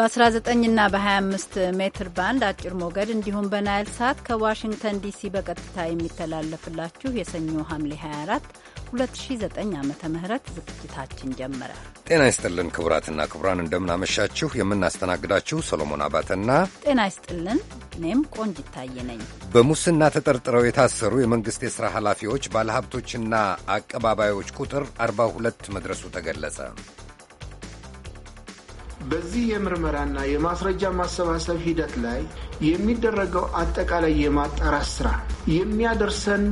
በ19ና በ25 ሜትር ባንድ አጭር ሞገድ እንዲሁም በናይል ሳት ከዋሽንግተን ዲሲ በቀጥታ የሚተላለፍላችሁ የሰኞ ሐምሌ 24 2009 ዓ ም ዝግጅታችን ጀመረ። ጤና ይስጥልን ክቡራትና ክቡራን፣ እንደምናመሻችሁ። የምናስተናግዳችሁ ሰሎሞን አባተና ጤና ይስጥልን እኔም ቆንጅ ይታየ ነኝ። በሙስና ተጠርጥረው የታሰሩ የመንግሥት የሥራ ኃላፊዎች ባለሀብቶችና አቀባባዮች ቁጥር 42 መድረሱ ተገለጸ። በዚህ የምርመራና የማስረጃ ማሰባሰብ ሂደት ላይ የሚደረገው አጠቃላይ የማጣራት ስራ የሚያደርሰን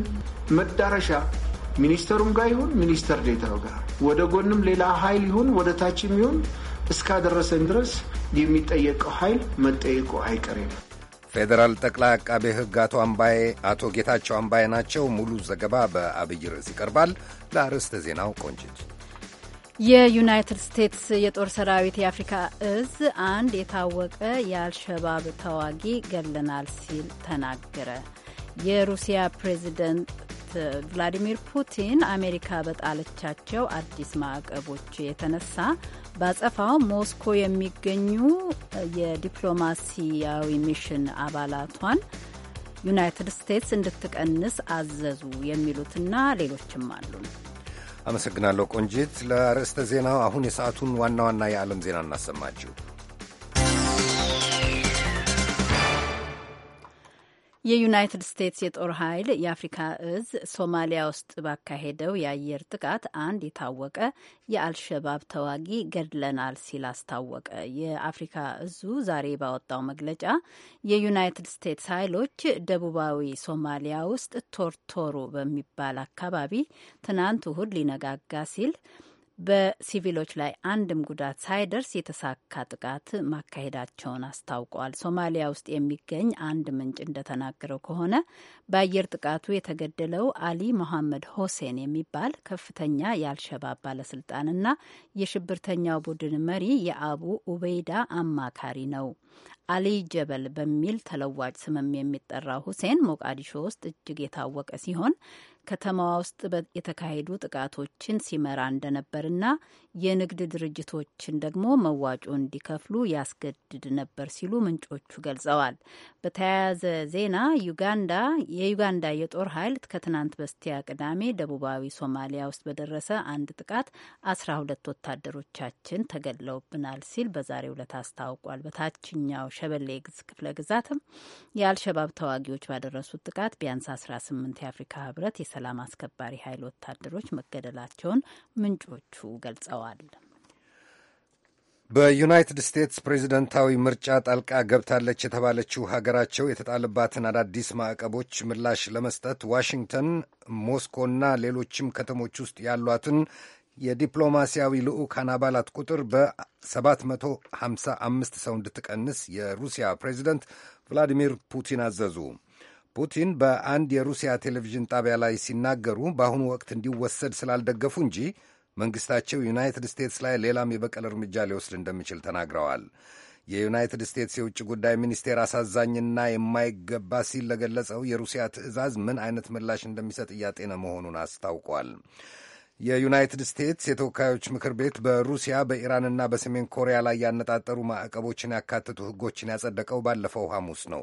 መዳረሻ ሚኒስተሩም ጋር ይሁን ሚኒስተር ዴታው ጋር ወደ ጎንም ሌላ ኃይል ይሁን ወደ ታችም ይሁን እስካደረሰን ድረስ የሚጠየቀው ኃይል መጠየቁ አይቀሬም። ፌዴራል ጠቅላይ አቃቤ ሕግ አቶ አምባዬ አቶ ጌታቸው አምባዬ ናቸው። ሙሉ ዘገባ በአብይ ርዕስ ይቀርባል። ለአርዕስተ ዜናው ቆንጭት የዩናይትድ ስቴትስ የጦር ሰራዊት የአፍሪካ እዝ አንድ የታወቀ የአልሸባብ ተዋጊ ገለናል ሲል ተናገረ። የሩሲያ ፕሬዚደንት ቭላዲሚር ፑቲን አሜሪካ በጣለቻቸው አዲስ ማዕቀቦች የተነሳ ባጸፋው ሞስኮ የሚገኙ የዲፕሎማሲያዊ ሚሽን አባላቷን ዩናይትድ ስቴትስ እንድትቀንስ አዘዙ የሚሉትና ሌሎችም አሉ። አመሰግናለሁ ቆንጂት። ለአርዕስተ ዜናው አሁን የሰዓቱን ዋና ዋና የዓለም ዜና እናሰማችሁ። የዩናይትድ ስቴትስ የጦር ኃይል የአፍሪካ እዝ ሶማሊያ ውስጥ ባካሄደው የአየር ጥቃት አንድ የታወቀ የአልሸባብ ተዋጊ ገድለናል ሲል አስታወቀ። የአፍሪካ እዙ ዛሬ ባወጣው መግለጫ የዩናይትድ ስቴትስ ኃይሎች ደቡባዊ ሶማሊያ ውስጥ ቶርቶሮ በሚባል አካባቢ ትናንት እሁድ ሊነጋጋ ሲል በሲቪሎች ላይ አንድም ጉዳት ሳይደርስ የተሳካ ጥቃት ማካሄዳቸውን አስታውቋል ሶማሊያ ውስጥ የሚገኝ አንድ ምንጭ እንደተናገረው ከሆነ በአየር ጥቃቱ የተገደለው አሊ መሐመድ ሆሴን የሚባል ከፍተኛ የአልሸባብ ባለስልጣንና የሽብርተኛው ቡድን መሪ የአቡ ኡበይዳ አማካሪ ነው። አሊ ጀበል በሚል ተለዋጭ ስምም የሚጠራው ሁሴን ሞቃዲሾ ውስጥ እጅግ የታወቀ ሲሆን ከተማዋ ውስጥ የተካሄዱ ጥቃቶችን ሲመራ እንደነበርና የንግድ ድርጅቶችን ደግሞ መዋጮ እንዲከፍሉ ያስገድድ ነበር ሲሉ ምንጮቹ ገልጸዋል። በተያያዘ ዜና ዩጋንዳ የዩጋንዳ የጦር ኃይል ከትናንት በስቲያ ቅዳሜ ደቡባዊ ሶማሊያ ውስጥ በደረሰ አንድ ጥቃት አስራ ሁለት ወታደሮቻችን ተገድለውብናል ሲል በዛሬው ዕለት አስታውቋል። በታችኛው ሸበሌ ክፍለ ግዛትም የአልሸባብ ተዋጊዎች ባደረሱት ጥቃት ቢያንስ አስራ ስምንት የአፍሪካ ህብረት የሰላም አስከባሪ ኃይል ወታደሮች መገደላቸውን ምንጮቹ ገልጸዋል። በዩናይትድ ስቴትስ ፕሬዚደንታዊ ምርጫ ጣልቃ ገብታለች የተባለችው ሀገራቸው የተጣለባትን አዳዲስ ማዕቀቦች ምላሽ ለመስጠት ዋሽንግተን፣ ሞስኮና ሌሎችም ከተሞች ውስጥ ያሏትን የዲፕሎማሲያዊ ልዑካን አባላት ቁጥር በ755 ሰው እንድትቀንስ የሩሲያ ፕሬዚደንት ቭላዲሚር ፑቲን አዘዙ። ፑቲን በአንድ የሩሲያ ቴሌቪዥን ጣቢያ ላይ ሲናገሩ በአሁኑ ወቅት እንዲወሰድ ስላልደገፉ እንጂ መንግሥታቸው ዩናይትድ ስቴትስ ላይ ሌላም የበቀል እርምጃ ሊወስድ እንደሚችል ተናግረዋል። የዩናይትድ ስቴትስ የውጭ ጉዳይ ሚኒስቴር አሳዛኝና የማይገባ ሲል ለገለጸው የሩሲያ ትዕዛዝ ምን አይነት ምላሽ እንደሚሰጥ እያጤነ መሆኑን አስታውቋል። የዩናይትድ ስቴትስ የተወካዮች ምክር ቤት በሩሲያ በኢራንና በሰሜን ኮሪያ ላይ ያነጣጠሩ ማዕቀቦችን ያካተቱ ሕጎችን ያጸደቀው ባለፈው ሐሙስ ነው።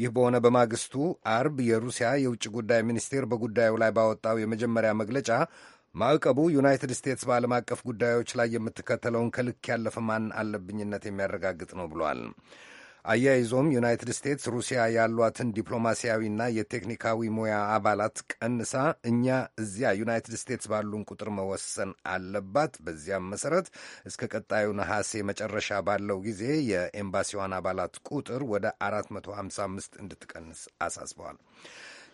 ይህ በሆነ በማግስቱ አርብ የሩሲያ የውጭ ጉዳይ ሚኒስቴር በጉዳዩ ላይ ባወጣው የመጀመሪያ መግለጫ ማዕቀቡ ዩናይትድ ስቴትስ በዓለም አቀፍ ጉዳዮች ላይ የምትከተለውን ከልክ ያለፈ ማን አለብኝነት የሚያረጋግጥ ነው ብሏል። አያይዞም ዩናይትድ ስቴትስ ሩሲያ ያሏትን ዲፕሎማሲያዊና የቴክኒካዊ ሙያ አባላት ቀንሳ እኛ እዚያ ዩናይትድ ስቴትስ ባሉን ቁጥር መወሰን አለባት። በዚያም መሰረት እስከ ቀጣዩ ነሐሴ መጨረሻ ባለው ጊዜ የኤምባሲዋን አባላት ቁጥር ወደ 455 እንድትቀንስ አሳስበዋል።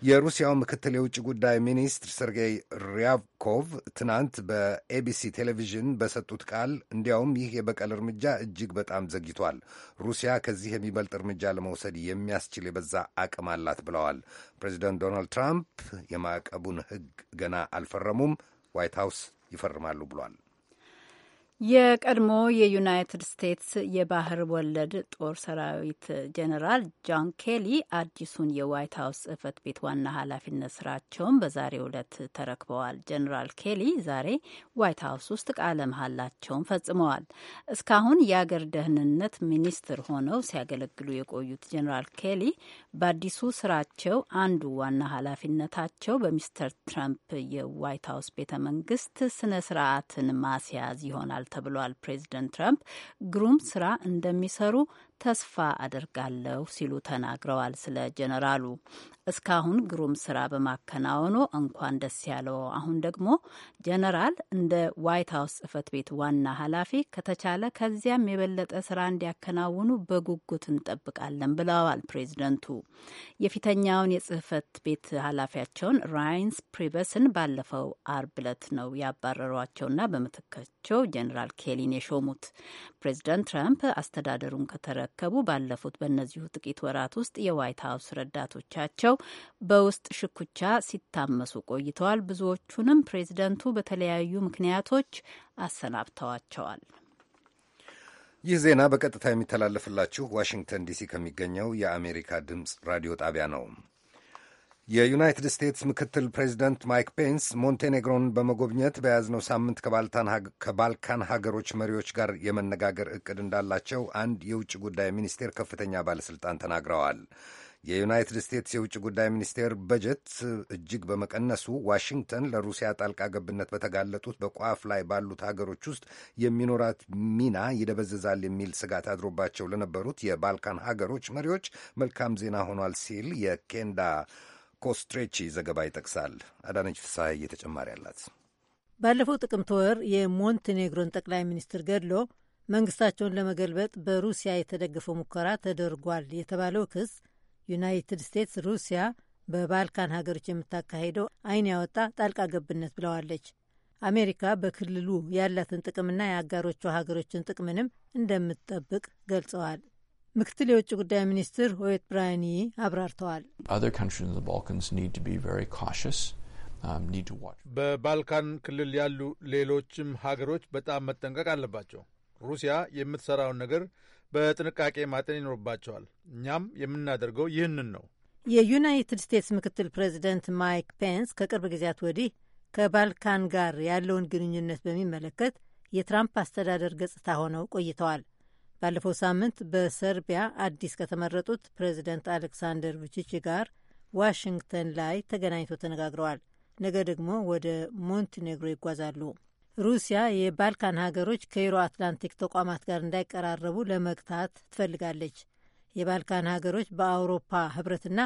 የሩሲያው ምክትል የውጭ ጉዳይ ሚኒስትር ሰርጌይ ሪያብኮቭ ትናንት በኤቢሲ ቴሌቪዥን በሰጡት ቃል እንዲያውም ይህ የበቀል እርምጃ እጅግ በጣም ዘግይቷል፣ ሩሲያ ከዚህ የሚበልጥ እርምጃ ለመውሰድ የሚያስችል የበዛ አቅም አላት ብለዋል። ፕሬዚደንት ዶናልድ ትራምፕ የማዕቀቡን ሕግ ገና አልፈረሙም፣ ዋይት ሀውስ ይፈርማሉ ብሏል። የቀድሞ የዩናይትድ ስቴትስ የባህር ወለድ ጦር ሰራዊት ጀኔራል ጆን ኬሊ አዲሱን የዋይት ሀውስ ጽህፈት ቤት ዋና ኃላፊነት ስራቸውን በዛሬው ዕለት ተረክበዋል። ጀኔራል ኬሊ ዛሬ ዋይት ሀውስ ውስጥ ቃለ መሀላቸውን ፈጽመዋል። እስካሁን የአገር ደህንነት ሚኒስትር ሆነው ሲያገለግሉ የቆዩት ጀኔራል ኬሊ በአዲሱ ስራቸው አንዱ ዋና ኃላፊነታቸው በሚስተር ትራምፕ የዋይት ሀውስ ቤተ መንግስት ስነ ስርዓትን ማስያዝ ይሆናል ተብሏል። ፕሬዚደንት ትራምፕ ግሩም ስራ እንደሚሰሩ ተስፋ አድርጋለሁ ሲሉ ተናግረዋል። ስለ ጀነራሉ እስካሁን ግሩም ስራ በማከናወኑ እንኳን ደስ ያለው። አሁን ደግሞ ጀነራል እንደ ዋይት ሀውስ ጽህፈት ቤት ዋና ኃላፊ ከተቻለ ከዚያም የበለጠ ስራ እንዲያከናውኑ በጉጉት እንጠብቃለን ብለዋል ፕሬዚደንቱ። የፊተኛውን የጽህፈት ቤት ኃላፊያቸውን ራይንስ ፕሪበስን ባለፈው አርብ ዕለት ነው ያባረሯቸውና በምትካቸው ጀነራል ኬሊን የሾሙት ፕሬዚደንት ትራምፕ አስተዳደሩን ከተረ ከተረከቡ ባለፉት በእነዚሁ ጥቂት ወራት ውስጥ የዋይት ሀውስ ረዳቶቻቸው በውስጥ ሽኩቻ ሲታመሱ ቆይተዋል። ብዙዎቹንም ፕሬዚደንቱ በተለያዩ ምክንያቶች አሰናብተዋቸዋል። ይህ ዜና በቀጥታ የሚተላለፍላችሁ ዋሽንግተን ዲሲ ከሚገኘው የአሜሪካ ድምፅ ራዲዮ ጣቢያ ነው። የዩናይትድ ስቴትስ ምክትል ፕሬዚደንት ማይክ ፔንስ ሞንቴኔግሮን በመጎብኘት በያዝነው ሳምንት ከባልካን ሀገሮች መሪዎች ጋር የመነጋገር እቅድ እንዳላቸው አንድ የውጭ ጉዳይ ሚኒስቴር ከፍተኛ ባለሥልጣን ተናግረዋል። የዩናይትድ ስቴትስ የውጭ ጉዳይ ሚኒስቴር በጀት እጅግ በመቀነሱ ዋሽንግተን ለሩሲያ ጣልቃ ገብነት በተጋለጡት በቋፍ ላይ ባሉት ሀገሮች ውስጥ የሚኖራት ሚና ይደበዝዛል የሚል ስጋት አድሮባቸው ለነበሩት የባልካን ሀገሮች መሪዎች መልካም ዜና ሆኗል ሲል የኬንዳ ኮስትሬቺ ዘገባ ይጠቅሳል። አዳነች ፍስሐዬ እየተጨማሪ አላት። ባለፈው ጥቅምት ወር የሞንቴኔግሮን ጠቅላይ ሚኒስትር ገድሎ መንግስታቸውን ለመገልበጥ በሩሲያ የተደገፈው ሙከራ ተደርጓል የተባለው ክስ ዩናይትድ ስቴትስ ሩሲያ በባልካን ሀገሮች የምታካሄደው አይን ያወጣ ጣልቃ ገብነት ብለዋለች። አሜሪካ በክልሉ ያላትን ጥቅምና የአጋሮቿ ሀገሮችን ጥቅምንም እንደምትጠብቅ ገልጸዋል። ምክትል የውጭ ጉዳይ ሚኒስትር ሆየት ብራያኒ አብራርተዋል። um, በባልካን ክልል ያሉ ሌሎችም ሀገሮች በጣም መጠንቀቅ አለባቸው። ሩሲያ የምትሰራውን ነገር በጥንቃቄ ማጤን ይኖርባቸዋል። እኛም የምናደርገው ይህንን ነው። የዩናይትድ ስቴትስ ምክትል ፕሬዚደንት ማይክ ፔንስ ከቅርብ ጊዜያት ወዲህ ከባልካን ጋር ያለውን ግንኙነት በሚመለከት የትራምፕ አስተዳደር ገጽታ ሆነው ቆይተዋል። ባለፈው ሳምንት በሰርቢያ አዲስ ከተመረጡት ፕሬዚደንት አሌክሳንደር ቪቺች ጋር ዋሽንግተን ላይ ተገናኝቶ ተነጋግረዋል። ነገ ደግሞ ወደ ሞንቴኔግሮ ይጓዛሉ። ሩሲያ የባልካን ሀገሮች ከዩሮ አትላንቲክ ተቋማት ጋር እንዳይቀራረቡ ለመግታት ትፈልጋለች። የባልካን ሀገሮች በአውሮፓ ህብረትና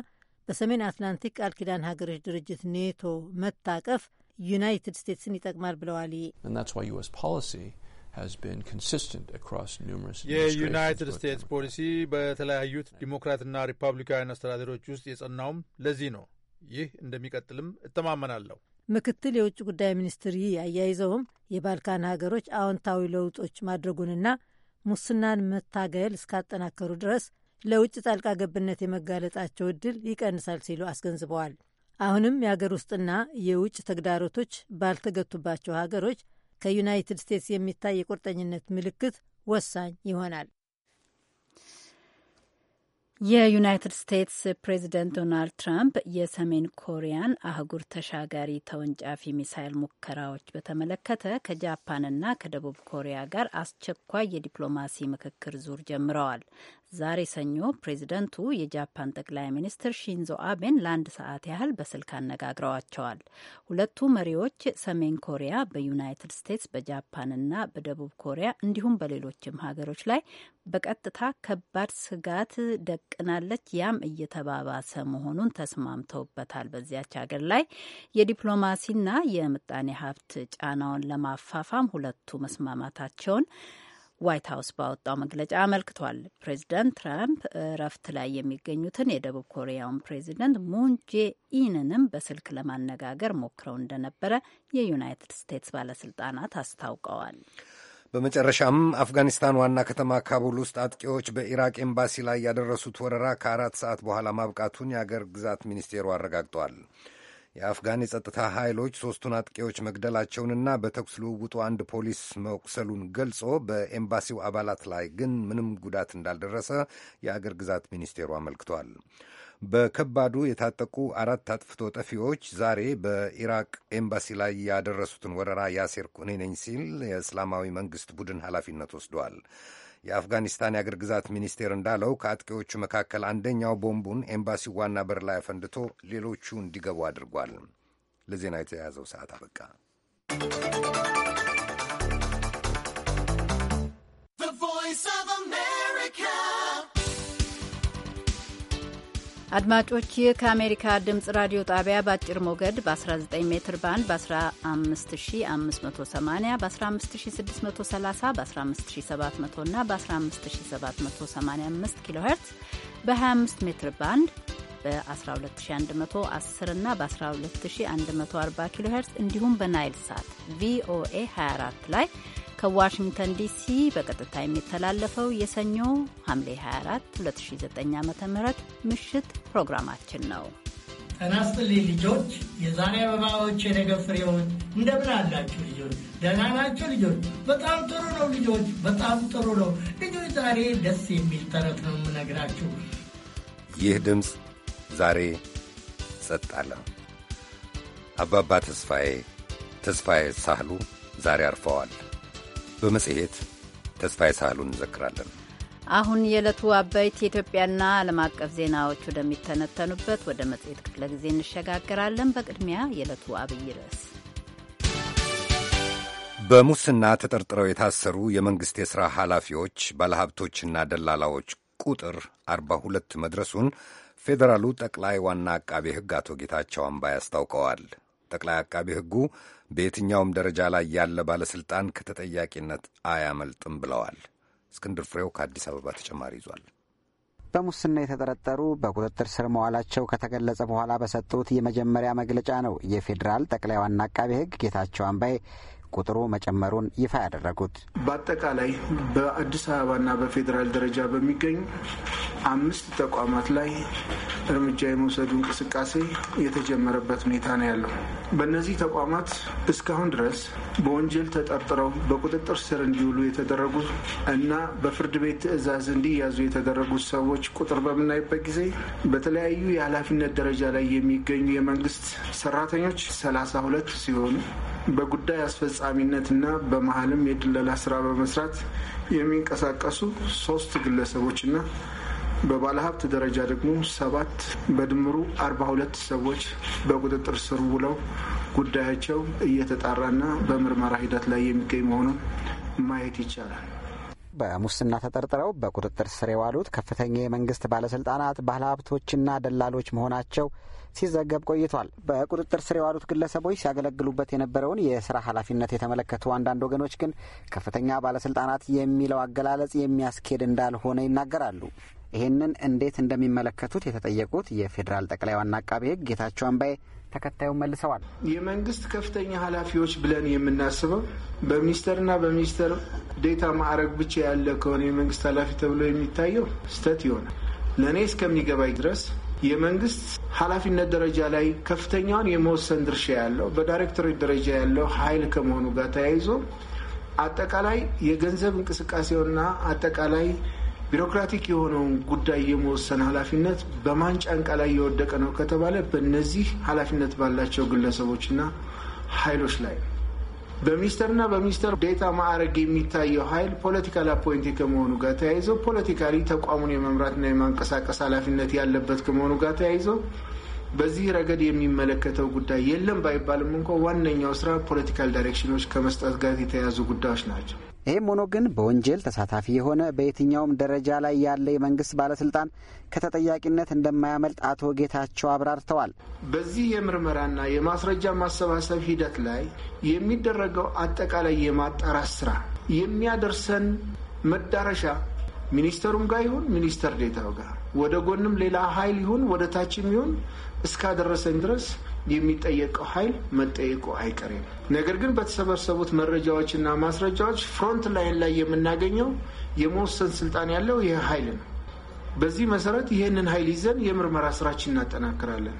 በሰሜን አትላንቲክ ቃል ኪዳን ሀገሮች ድርጅት ኔቶ መታቀፍ ዩናይትድ ስቴትስን ይጠቅማል ብለዋል። የዩናይትድ ስቴትስ ፖሊሲ በተለያዩት ዲሞክራትና ሪፐብሊካውያን አስተዳደሮች ውስጥ የጸናውም ለዚህ ነው። ይህ እንደሚቀጥልም እተማመናለሁ። ምክትል የውጭ ጉዳይ ሚኒስትር ይህ አያይዘውም የባልካን ሀገሮች አዎንታዊ ለውጦች ማድረጉንና ሙስናን መታገል እስካጠናከሩ ድረስ ለውጭ ጣልቃ ገብነት የመጋለጣቸው እድል ይቀንሳል ሲሉ አስገንዝበዋል። አሁንም የሀገር ውስጥና የውጭ ተግዳሮቶች ባልተገቱባቸው ሀገሮች ከዩናይትድ ስቴትስ የሚታይ የቁርጠኝነት ምልክት ወሳኝ ይሆናል። የዩናይትድ ስቴትስ ፕሬዚደንት ዶናልድ ትራምፕ የሰሜን ኮሪያን አህጉር ተሻጋሪ ተወንጫፊ ሚሳይል ሙከራዎች በተመለከተ ከጃፓንና ከደቡብ ኮሪያ ጋር አስቸኳይ የዲፕሎማሲ ምክክር ዙር ጀምረዋል። ዛሬ ሰኞ ፕሬዚደንቱ የጃፓን ጠቅላይ ሚኒስትር ሺንዞ አቤን ለአንድ ሰዓት ያህል በስልክ አነጋግረዋቸዋል። ሁለቱ መሪዎች ሰሜን ኮሪያ በዩናይትድ ስቴትስ በጃፓንና በደቡብ ኮሪያ እንዲሁም በሌሎችም ሀገሮች ላይ በቀጥታ ከባድ ስጋት ደቅናለች፣ ያም እየተባባሰ መሆኑን ተስማምተውበታል። በዚያች ሀገር ላይ የዲፕሎማሲና የምጣኔ ሀብት ጫናውን ለማፋፋም ሁለቱ መስማማታቸውን ዋይት ሀውስ ባወጣው መግለጫ አመልክቷል። ፕሬዚዳንት ትራምፕ እረፍት ላይ የሚገኙትን የደቡብ ኮሪያውን ፕሬዚደንት ሙንጄ ኢንንም በስልክ ለማነጋገር ሞክረው እንደነበረ የዩናይትድ ስቴትስ ባለስልጣናት አስታውቀዋል። በመጨረሻም አፍጋኒስታን ዋና ከተማ ካቡል ውስጥ አጥቂዎች በኢራቅ ኤምባሲ ላይ ያደረሱት ወረራ ከአራት ሰዓት በኋላ ማብቃቱን የአገር ግዛት ሚኒስቴሩ አረጋግጧል። የአፍጋን የጸጥታ ኃይሎች ሦስቱን አጥቂዎች መግደላቸውንና በተኩስ ልውውጡ አንድ ፖሊስ መቁሰሉን ገልጾ በኤምባሲው አባላት ላይ ግን ምንም ጉዳት እንዳልደረሰ የአገር ግዛት ሚኒስቴሩ አመልክቷል። በከባዱ የታጠቁ አራት አጥፍቶ ጠፊዎች ዛሬ በኢራቅ ኤምባሲ ላይ ያደረሱትን ወረራ ያሴርኩ እኔ ነኝ ሲል የእስላማዊ መንግሥት ቡድን ኃላፊነት ወስዷል። የአፍጋኒስታን የአገር ግዛት ሚኒስቴር እንዳለው ከአጥቂዎቹ መካከል አንደኛው ቦምቡን ኤምባሲው ዋና በር ላይ አፈንድቶ ሌሎቹ እንዲገቡ አድርጓል። ለዜና የተያዘው ሰዓት አበቃ። አድማጮች ይህ ከአሜሪካ ድምፅ ራዲዮ ጣቢያ በአጭር ሞገድ በ19 ሜትር ባንድ በ15580 በ15630 በ15700 እና በ15785 ኪሎ ሄርትስ በ25 ሜትር ባንድ በ12110 እና በ12140 ኪሎ ሄርትስ እንዲሁም በናይል ሳት ቪኦኤ 24 ላይ ከዋሽንግተን ዲሲ በቀጥታ የሚተላለፈው የሰኞ ሐምሌ 24 2009 ዓ ም ምሽት ፕሮግራማችን ነው። ጤና ልጆች፣ የዛሬ አበባዎች የነገ ፍሬዎች። እንደምን አላችሁ ልጆች? ደህና ናቸው ልጆች? በጣም ጥሩ ነው ልጆች፣ በጣም ጥሩ ነው ልጆች። ዛሬ ደስ የሚል ተረት ነው የምነግራችሁ። ይህ ድምፅ ዛሬ ጸጥ አለ። አባባ ተስፋዬ ተስፋዬ ሳህሉ ዛሬ አርፈዋል። በመጽሔት ተስፋዬ ሳህሉን እንዘክራለን። አሁን የዕለቱ አበይት የኢትዮጵያና ዓለም አቀፍ ዜናዎች ወደሚተነተኑበት ወደ መጽሔት ክፍለ ጊዜ እንሸጋገራለን። በቅድሚያ የዕለቱ አብይ ርዕስ በሙስና ተጠርጥረው የታሰሩ የመንግሥት የሥራ ኃላፊዎች፣ ባለሀብቶችና ደላላዎች ቁጥር 42 መድረሱን ፌዴራሉ ጠቅላይ ዋና አቃቤ ሕግ አቶ ጌታቸው አምባይ አስታውቀዋል። ጠቅላይ አቃቤ ሕጉ በየትኛውም ደረጃ ላይ ያለ ባለሥልጣን ከተጠያቂነት አያመልጥም ብለዋል። እስክንድር ፍሬው ከአዲስ አበባ ተጨማሪ ይዟል። በሙስና የተጠረጠሩ በቁጥጥር ስር መዋላቸው ከተገለጸ በኋላ በሰጡት የመጀመሪያ መግለጫ ነው የፌዴራል ጠቅላይ ዋና አቃቤ ሕግ ጌታቸው አምባዬ ቁጥሩ መጨመሩን ይፋ ያደረጉት በአጠቃላይ በአዲስ አበባና በፌዴራል ደረጃ በሚገኙ አምስት ተቋማት ላይ እርምጃ የመውሰዱ እንቅስቃሴ የተጀመረበት ሁኔታ ነው ያለው። በእነዚህ ተቋማት እስካሁን ድረስ በወንጀል ተጠርጥረው በቁጥጥር ስር እንዲውሉ የተደረጉ እና በፍርድ ቤት ትዕዛዝ እንዲያዙ የተደረጉ ሰዎች ቁጥር በምናይበት ጊዜ በተለያዩ የኃላፊነት ደረጃ ላይ የሚገኙ የመንግስት ሰራተኞች 32 ሲሆኑ በጉዳይ አስፈጻሚ በፈጻሚነትና በመሀልም የድለላ ስራ በመስራት የሚንቀሳቀሱ ሶስት ግለሰቦችና በባለሀብት ደረጃ ደግሞ ሰባት በድምሩ አርባ ሁለት ሰዎች በቁጥጥር ስር ውለው ጉዳያቸው እየተጣራና በምርመራ ሂደት ላይ የሚገኝ መሆኑን ማየት ይቻላል። በሙስና ተጠርጥረው በቁጥጥር ስር የዋሉት ከፍተኛ የመንግስት ባለስልጣናት፣ ባለሀብቶችና ደላሎች መሆናቸው ሲዘገብ ቆይቷል። በቁጥጥር ስር የዋሉት ግለሰቦች ሲያገለግሉበት የነበረውን የስራ ኃላፊነት የተመለከቱ አንዳንድ ወገኖች ግን ከፍተኛ ባለስልጣናት የሚለው አገላለጽ የሚያስኬድ እንዳልሆነ ይናገራሉ። ይህንን እንዴት እንደሚመለከቱት የተጠየቁት የፌዴራል ጠቅላይ ዋና አቃቤ ሕግ ጌታቸው አምባዬ ተከታዩን መልሰዋል። የመንግስት ከፍተኛ ኃላፊዎች ብለን የምናስበው በሚኒስተርና በሚኒስተር ዴታ ማዕረግ ብቻ ያለ ከሆነ የመንግስት ኃላፊ ተብሎ የሚታየው ስህተት ይሆናል። ለእኔ እስከሚገባኝ ድረስ የመንግስት ኃላፊነት ደረጃ ላይ ከፍተኛውን የመወሰን ድርሻ ያለው በዳይሬክቶሬት ደረጃ ያለው ኃይል ከመሆኑ ጋር ተያይዞ አጠቃላይ የገንዘብ እንቅስቃሴውና አጠቃላይ ቢሮክራቲክ የሆነውን ጉዳይ የመወሰን ኃላፊነት በማን ጫንቃ ላይ የወደቀ ነው ከተባለ በእነዚህ ኃላፊነት ባላቸው ግለሰቦችና ኃይሎች ላይ ነው። በሚኒስተርና በሚኒስተር ዴታ ማዕረግ የሚታየው ኃይል ፖለቲካል አፖይንቲ ከመሆኑ ጋር ተያይዘው ፖለቲካሊ ተቋሙን የመምራትና የማንቀሳቀስ ኃላፊነት ያለበት ከመሆኑ ጋር ተያይዘው በዚህ ረገድ የሚመለከተው ጉዳይ የለም ባይባልም እንኳ ዋነኛው ስራ ፖለቲካል ዳይሬክሽኖች ከመስጠት ጋር የተያያዙ ጉዳዮች ናቸው። ይህም ሆኖ ግን በወንጀል ተሳታፊ የሆነ በየትኛውም ደረጃ ላይ ያለ የመንግስት ባለስልጣን ከተጠያቂነት እንደማያመልጥ አቶ ጌታቸው አብራርተዋል። በዚህ የምርመራና የማስረጃ ማሰባሰብ ሂደት ላይ የሚደረገው አጠቃላይ የማጣራት ስራ የሚያደርሰን መዳረሻ ሚኒስተሩም ጋር ይሁን ሚኒስተር ዴታው ጋር ወደ ጎንም ሌላ ኃይል ይሁን ወደ ታችም ይሁን እስካደረሰኝ ድረስ የሚጠየቀው ኃይል መጠየቁ አይቀርም። ነገር ግን በተሰበሰቡት መረጃዎችና ማስረጃዎች ፍሮንት ላይን ላይ የምናገኘው የመወሰን ስልጣን ያለው ይህ ኃይል ነው። በዚህ መሰረት ይህንን ኃይል ይዘን የምርመራ ስራችን እናጠናክራለን።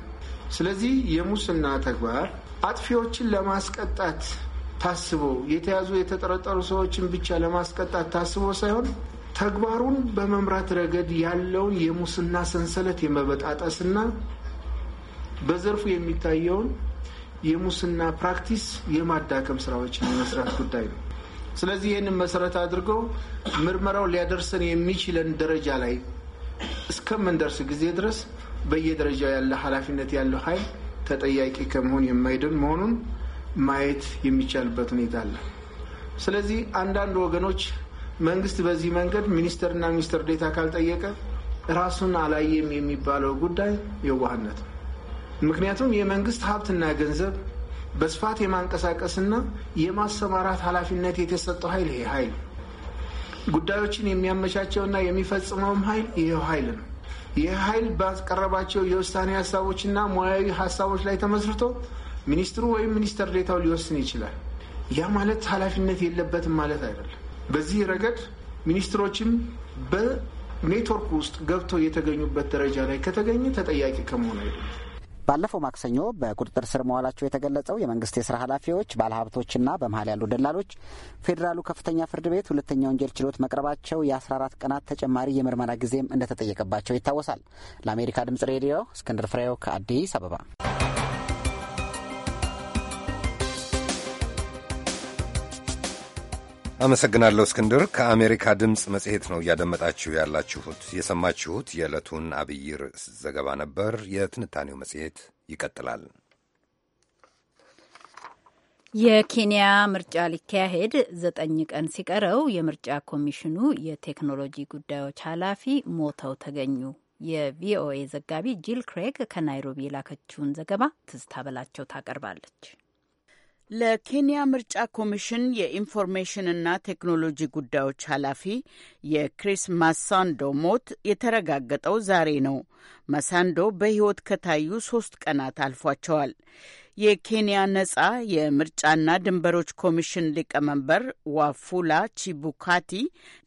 ስለዚህ የሙስና ተግባር አጥፊዎችን ለማስቀጣት ታስቦ የተያዙ የተጠረጠሩ ሰዎችን ብቻ ለማስቀጣት ታስቦ ሳይሆን ተግባሩን በመምራት ረገድ ያለውን የሙስና ሰንሰለት የመበጣጠስና በዘርፉ የሚታየውን የሙስና ፕራክቲስ የማዳከም ስራዎችን የመስራት ጉዳይ ነው። ስለዚህ ይህንን መሰረት አድርገው ምርመራው ሊያደርሰን የሚችለን ደረጃ ላይ እስከምንደርስ ጊዜ ድረስ በየደረጃው ያለ ኃላፊነት ያለው ኃይል ተጠያቂ ከመሆን የማይድን መሆኑን ማየት የሚቻልበት ሁኔታ አለ። ስለዚህ አንዳንድ ወገኖች መንግስት በዚህ መንገድ ሚኒስተርና ሚኒስተር ዴታ ካልጠየቀ ራሱን አላየም የሚባለው ጉዳይ የዋህነት ነው። ምክንያቱም የመንግስት ሀብትና ገንዘብ በስፋት የማንቀሳቀስና የማሰማራት ኃላፊነት የተሰጠው ኃይል ይሄ ኃይል ጉዳዮችን የሚያመቻቸውና የሚፈጽመውም ኃይል ይሄው ኃይል ነው። ይህ ኃይል ባቀረባቸው የውሳኔ ሀሳቦችና ሙያዊ ሀሳቦች ላይ ተመስርቶ ሚኒስትሩ ወይም ሚኒስተር ዴታው ሊወስን ይችላል። ያ ማለት ኃላፊነት የለበትም ማለት አይደለም። በዚህ ረገድ ሚኒስትሮችም በኔትወርክ ውስጥ ገብተው የተገኙበት ደረጃ ላይ ከተገኘ ተጠያቂ ከመሆን አይደለም። ባለፈው ማክሰኞ በቁጥጥር ስር መዋላቸው የተገለጸው የመንግስት የስራ ኃላፊዎች፣ ባለሀብቶችና በመሀል ያሉ ደላሎች ፌዴራሉ ከፍተኛ ፍርድ ቤት ሁለተኛ ወንጀል ችሎት መቅረባቸው የ14 ቀናት ተጨማሪ የምርመራ ጊዜም እንደተጠየቀባቸው ይታወሳል። ለአሜሪካ ድምጽ ሬዲዮ እስክንድር ፍሬው ከአዲስ አበባ አመሰግናለሁ እስክንድር። ከአሜሪካ ድምፅ መጽሔት ነው እያደመጣችሁ ያላችሁት። የሰማችሁት የዕለቱን አብይ ርዕስ ዘገባ ነበር። የትንታኔው መጽሔት ይቀጥላል። የኬንያ ምርጫ ሊካሄድ ዘጠኝ ቀን ሲቀረው የምርጫ ኮሚሽኑ የቴክኖሎጂ ጉዳዮች ኃላፊ ሞተው ተገኙ። የቪኦኤ ዘጋቢ ጂል ክሬግ ከናይሮቢ የላከችውን ዘገባ ትዝታ በላቸው ታቀርባለች። ለኬንያ ምርጫ ኮሚሽን የኢንፎርሜሽንና ቴክኖሎጂ ጉዳዮች ኃላፊ የክሪስ ማሳንዶ ሞት የተረጋገጠው ዛሬ ነው። ማሳንዶ በሕይወት ከታዩ ሶስት ቀናት አልፏቸዋል። የኬንያ ነጻ የምርጫና ድንበሮች ኮሚሽን ሊቀመንበር ዋፉላ ቺቡካቲ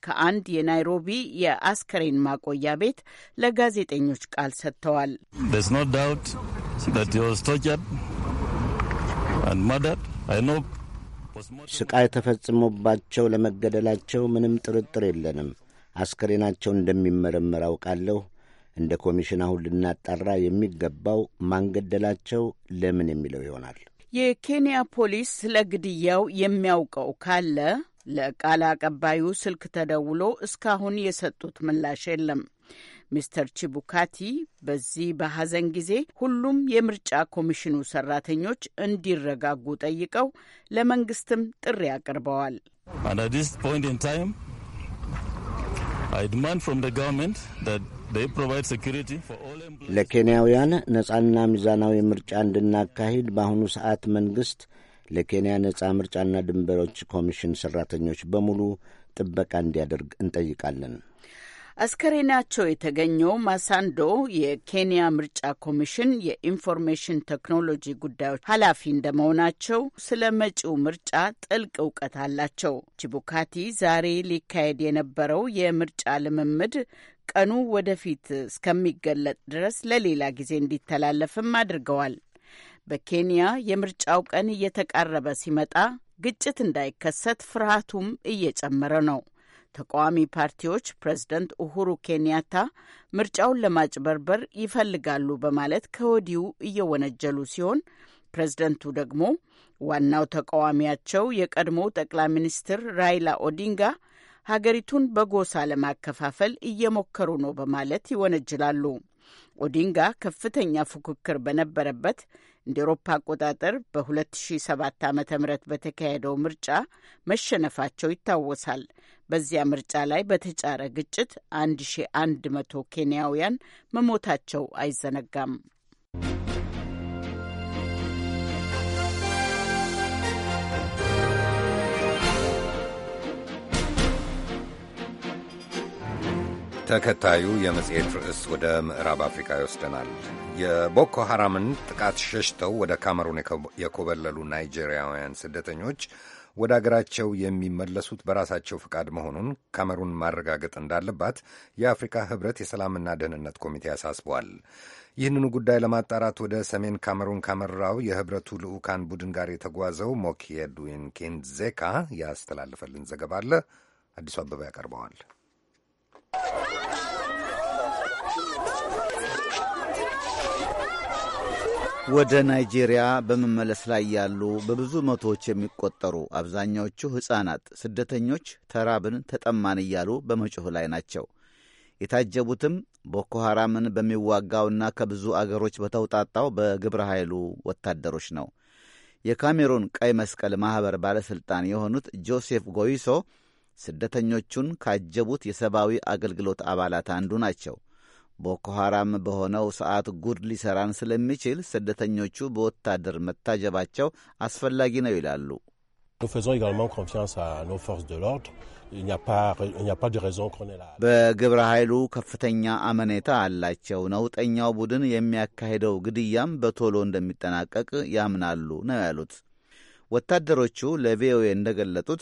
ከአንድ የናይሮቢ የአስከሬን ማቆያ ቤት ለጋዜጠኞች ቃል ሰጥተዋል። ስቃይ ተፈጽሞባቸው ለመገደላቸው ምንም ጥርጥር የለንም። አስከሬናቸው እንደሚመረመር አውቃለሁ። እንደ ኮሚሽን አሁን ልናጣራ የሚገባው ማንገደላቸው ለምን የሚለው ይሆናል። የኬንያ ፖሊስ ስለ ግድያው የሚያውቀው ካለ ለቃል አቀባዩ ስልክ ተደውሎ እስካሁን የሰጡት ምላሽ የለም። ሚስተር ቺቡካቲ በዚህ በሐዘን ጊዜ ሁሉም የምርጫ ኮሚሽኑ ሰራተኞች እንዲረጋጉ ጠይቀው ለመንግስትም ጥሪ አቅርበዋል። ለኬንያውያን ነጻና ሚዛናዊ ምርጫ እንድናካሂድ በአሁኑ ሰዓት መንግሥት ለኬንያ ነጻ ምርጫና ድንበሮች ኮሚሽን ሠራተኞች በሙሉ ጥበቃ እንዲያደርግ እንጠይቃለን። አስከሬናቸው የተገኘው ማሳንዶ የኬንያ ምርጫ ኮሚሽን የኢንፎርሜሽን ቴክኖሎጂ ጉዳዮች ኃላፊ እንደመሆናቸው ስለ መጪው ምርጫ ጥልቅ እውቀት አላቸው። ቺቡካቲ ዛሬ ሊካሄድ የነበረው የምርጫ ልምምድ ቀኑ ወደፊት እስከሚገለጥ ድረስ ለሌላ ጊዜ እንዲተላለፍም አድርገዋል። በኬንያ የምርጫው ቀን እየተቃረበ ሲመጣ ግጭት እንዳይከሰት ፍርሃቱም እየጨመረ ነው። ተቃዋሚ ፓርቲዎች ፕሬዝደንት ኡሁሩ ኬንያታ ምርጫውን ለማጭበርበር ይፈልጋሉ በማለት ከወዲሁ እየወነጀሉ ሲሆን ፕሬዝደንቱ ደግሞ ዋናው ተቃዋሚያቸው የቀድሞው ጠቅላይ ሚኒስትር ራይላ ኦዲንጋ ሀገሪቱን በጎሳ ለማከፋፈል እየሞከሩ ነው በማለት ይወነጅላሉ። ኦዲንጋ ከፍተኛ ፉክክር በነበረበት እንደ ኤሮፓ አቆጣጠር በ2007 ዓ ም በተካሄደው ምርጫ መሸነፋቸው ይታወሳል። በዚያ ምርጫ ላይ በተጫረ ግጭት 1100 ኬንያውያን መሞታቸው አይዘነጋም። ተከታዩ የመጽሔት ርዕስ ወደ ምዕራብ አፍሪካ ይወስደናል። የቦኮ ሐራምን ጥቃት ሸሽተው ወደ ካሜሩን የኮበለሉ ናይጄሪያውያን ስደተኞች ወደ አገራቸው የሚመለሱት በራሳቸው ፍቃድ መሆኑን ካሜሩን ማረጋገጥ እንዳለባት የአፍሪካ ህብረት የሰላምና ደህንነት ኮሚቴ አሳስቧል። ይህንኑ ጉዳይ ለማጣራት ወደ ሰሜን ካሜሩን ካመራው የህብረቱ ልዑካን ቡድን ጋር የተጓዘው ሞኪየዱዊን ኬንዜካ ያስተላለፈልን ዘገባ አለ። አዲሱ አበባ ያቀርበዋል። ወደ ናይጄሪያ በመመለስ ላይ ያሉ በብዙ መቶዎች የሚቆጠሩ አብዛኛዎቹ ሕፃናት ስደተኞች ተራብን፣ ተጠማን እያሉ በመጮህ ላይ ናቸው። የታጀቡትም ቦኮ ሐራምን በሚዋጋውና ከብዙ አገሮች በተውጣጣው በግብረ ኃይሉ ወታደሮች ነው። የካሜሩን ቀይ መስቀል ማኅበር ባለሥልጣን የሆኑት ጆሴፍ ጎይሶ ስደተኞቹን ካጀቡት የሰብአዊ አገልግሎት አባላት አንዱ ናቸው። ቦኮ ሐራም በሆነው ሰዓት ጉድ ሊሰራን ስለሚችል ስደተኞቹ በወታደር መታጀባቸው አስፈላጊ ነው ይላሉ። በግብረ ኃይሉ ከፍተኛ አመኔታ አላቸው። ነውጠኛው ቡድን የሚያካሄደው ግድያም በቶሎ እንደሚጠናቀቅ ያምናሉ ነው ያሉት። ወታደሮቹ ለቪኦኤ እንደገለጡት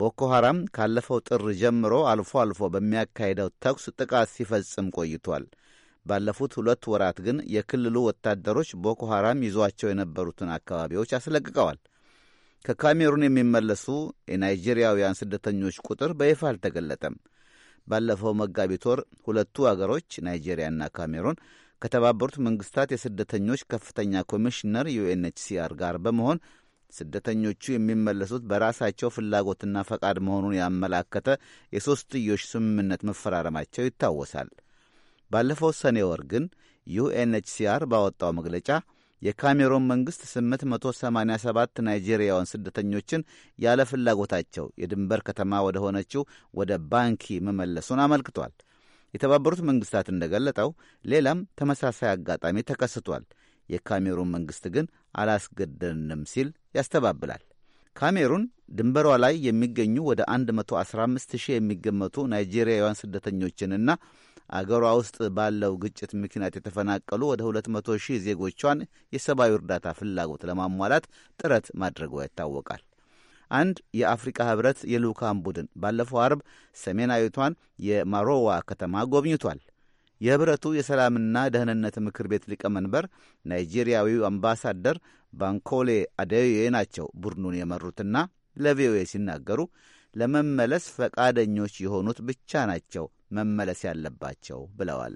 ቦኮ ሐራም ካለፈው ጥር ጀምሮ አልፎ አልፎ በሚያካሄደው ተኩስ ጥቃት ሲፈጽም ቆይቷል። ባለፉት ሁለት ወራት ግን የክልሉ ወታደሮች ቦኮ ሐራም ይዟቸው የነበሩትን አካባቢዎች አስለቅቀዋል። ከካሜሩን የሚመለሱ የናይጄሪያውያን ስደተኞች ቁጥር በይፋ አልተገለጠም። ባለፈው መጋቢት ወር ሁለቱ አገሮች ናይጄሪያና ካሜሩን ከተባበሩት መንግስታት የስደተኞች ከፍተኛ ኮሚሽነር ዩኤንኤችሲአር ጋር በመሆን ስደተኞቹ የሚመለሱት በራሳቸው ፍላጎትና ፈቃድ መሆኑን ያመላከተ የሦስትዮሽ ስምምነት መፈራረማቸው ይታወሳል። ባለፈው ሰኔ ወር ግን ዩኤንኤችሲአር ባወጣው መግለጫ የካሜሮን መንግሥት 887 ናይጄሪያውን ስደተኞችን ያለ ፍላጎታቸው የድንበር ከተማ ወደ ሆነችው ወደ ባንኪ መመለሱን አመልክቷል። የተባበሩት መንግሥታት እንደገለጠው ሌላም ተመሳሳይ አጋጣሚ ተከስቷል። የካሜሩን መንግሥት ግን አላስገደንም ሲል ያስተባብላል። ካሜሩን ድንበሯ ላይ የሚገኙ ወደ 115 ሺህ የሚገመቱ ናይጄሪያውያን ስደተኞችንና አገሯ ውስጥ ባለው ግጭት ምክንያት የተፈናቀሉ ወደ 200 ሺህ ዜጎቿን የሰብአዊ እርዳታ ፍላጎት ለማሟላት ጥረት ማድረጓ ይታወቃል። አንድ የአፍሪካ ህብረት የልዑካን ቡድን ባለፈው አርብ ሰሜናዊቷን የማሮዋ ከተማ ጎብኝቷል። የህብረቱ የሰላምና ደህንነት ምክር ቤት ሊቀመንበር ናይጄሪያዊው አምባሳደር ባንኮሌ አደዬ ናቸው ቡድኑን የመሩትና ለቪኦኤ ሲናገሩ ለመመለስ ፈቃደኞች የሆኑት ብቻ ናቸው መመለስ ያለባቸው ብለዋል።